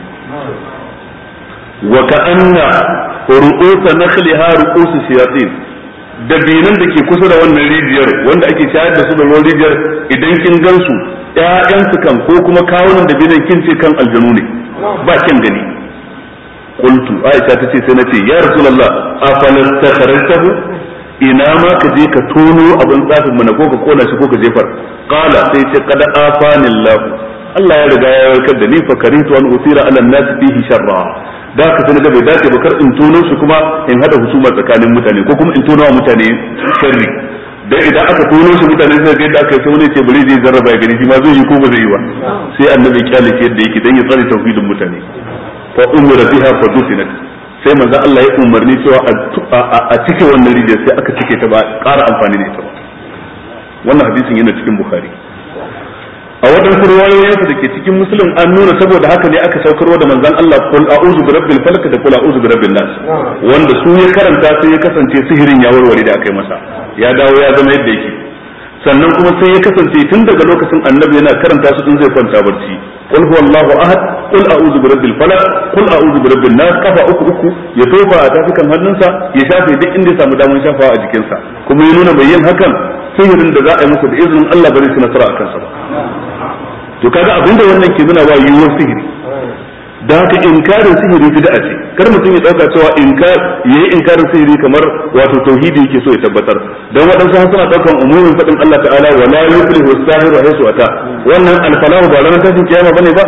wa ka anna ru'usa nakhliha ru'usu shayatin da da ke kusa da wannan rijiyar wanda ake shayar da su da ruwan rijiyar idan kin gansu ƴaƴansu kan ko kuma kawunan da binan kin ce kan aljanu ne ba kin gani qultu aisha ta ce sai nace ya rasulullah afala takharajtahu ina ma ka je ka tono abin tsafin mana ko ka kona shi ko ka jefar qala sai ce qad afanillahu Allah ya riga ya warkar da ni fa karintu an usira ala nas fihi sharra da ka sani a bai dace ba kar in tono su kuma in hada husuma tsakanin mutane ko kuma in tono wa mutane sharri dan idan aka tono shi mutane sai ga yadda aka yi wani ce bari zai zarraba ya gani shi ma zai yi ko ba zai yi ba sai annabi kyale shi yadda yake dan ya tsare tauhidin mutane fa umira biha fa dufinat sai manzo Allah ya umarni cewa a cike wannan rijiyar sai aka cike ta ba ƙara amfani da ita wannan hadisin yana cikin bukhari a waɗansu ruwayoyinsu da ke cikin musulun an nuna saboda haka ne aka saukarwa da manzan Allah kul a'udhu bi rabbil falaq da kul a'udhu bi rabbin nas wanda su ya karanta sai ya kasance sihirin ya warware da aka yi masa ya dawo ya zama yadda yake sannan kuma sai ya kasance tun daga lokacin annabi yana karanta su tun zai kwanta barci qul huwallahu ahad qul a'udhu bi rabbil falaq qul a'udhu bi rabbin nas kafa uku uku ya tofa a tafukan hannunsa ya shafe duk inda ya samu damar shafawa a jikinsa kuma ya nuna yin hakan sihirin da za a yi masa da izinin Allah bari su nasara a kansa ba to kaga abinda wannan ke nuna wa yiwuwar sihiri da haka inkarin sihiri bid'a ce kar mutum ya dauka cewa inkar yayi inkarin sihiri kamar wato tauhidi yake so ya tabbatar dan wadansu har suna daukan umurin fadin Allah ta'ala wa la yuflihu as-sahiru haythu ata wannan al-falahu ba ranar tashin kiyama bane ba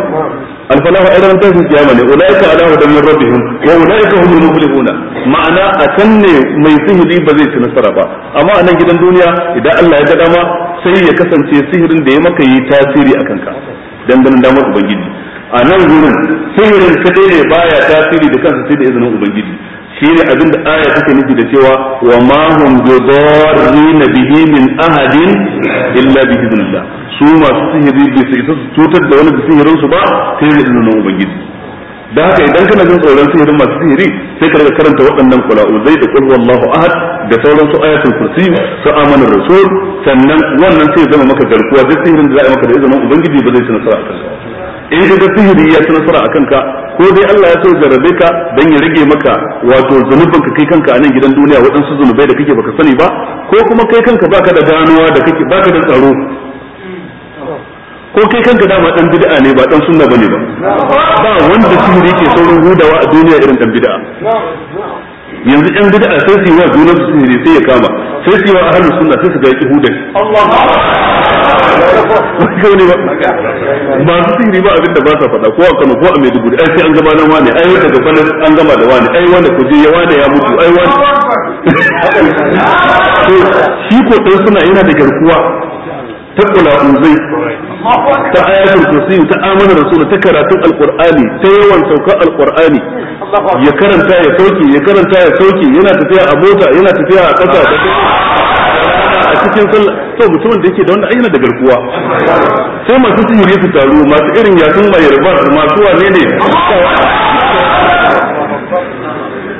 al-falahu ai ranar tashin kiyama ne ulaika ala hudan min rabbihim wa ulaika al muflihuna ma'ana akan ne mai sihiri ba zai ci nasara ba amma a nan gidan duniya idan Allah ya ga dama sai ya kasance sihirin da ya maka yi tasiri a kanka dan ganin damar ubangiji a nan gurin sihirin kadai ne baya tasiri da kansa sai da izinin ubangiji shine abin da aya take nufi da cewa wa ma hum bidarrina bihi min ahadin illa bi idnillah su masu sihiri bai su isa su cutar da wani da sihirin su ba sai da izinin ubangiji da haka idan kana jin tsoron sihirin masu sihiri sai ka karanta waɗannan kula'u zai da kul wallahu ahad da sauran su ayatul kursi su amana rasul sannan wannan sai zama maka garkuwa zai sihirin da za a maka da izinin ubangiji ba zai ci nasara akan in ga sihiri ya ci nasara akan ka ko dai Allah ya so jarabe ka dan ya rage maka wato zunubin ka kai kanka a nan gidan duniya waɗansu zunubai da kake baka sani ba ko kuma kai kanka baka da ganuwa da kake baka da tsaro ko kai kanka dama dan bid'a ne ba dan sunna bane ba ba wanda sihiri ke saurin hudawa a duniya irin dan bid'a yanzu yan bid'a sai su yi wa junan su sihiri sai ya kama sai su yi wa ahlus sunna sai su ga ki hudai. kai ne ba masu sihiri ba abinda ba sa faɗa ko a Kano ko a Maiduguri ai sai an gama gabatar wani ai wanda gaban an gama da wani ai wanda kuje ya wani ya mutu ai wani to shi ko dan suna yana da garkuwa ta kula ta ayatul kursi ta amana rasul ta karatun alqur'ani ta yawan sauka alqur'ani ya karanta ya sauke ya karanta ya sauke yana tafiya a mota yana tafiya a kasa a cikin sallah to mutumin da yake da wannan ayyana da garkuwa sai masu sihiri su taru masu irin yatsun mai yarbar masu wane ne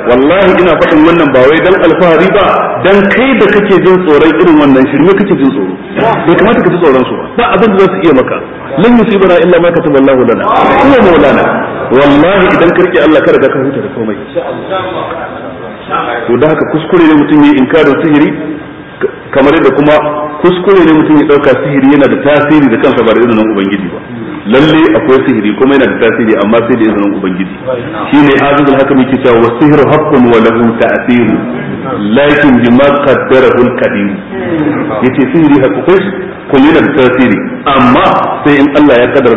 wallahi ina faɗin wannan ba wai dan alfahari ba dan kai da kake jin tsoron irin wannan shirme kake jin tsoro bai kamata ka ji tsoron su ba abin da za su iya maka lan yusibana illa ma kataba Allahu lana huwa maulana wallahi idan ka rike Allah ka riga ka huta da komai to da haka kuskure ne mutum ya inkarin sihiri kamar yadda kuma kuskure ne mutum ya dauka sihiri yana da tasiri da kansa ba da izinin ubangiji ba lalle akwai sihiri kuma yana da tasiri amma sai da izinin ubangiji shine azizul hakimi ke cewa wasihiru haqqun wa lahu ta'thiru lakin bima qaddarahu al-qadir yace sihiri hakku kuma yana da tasiri amma sai in Allah ya kaddara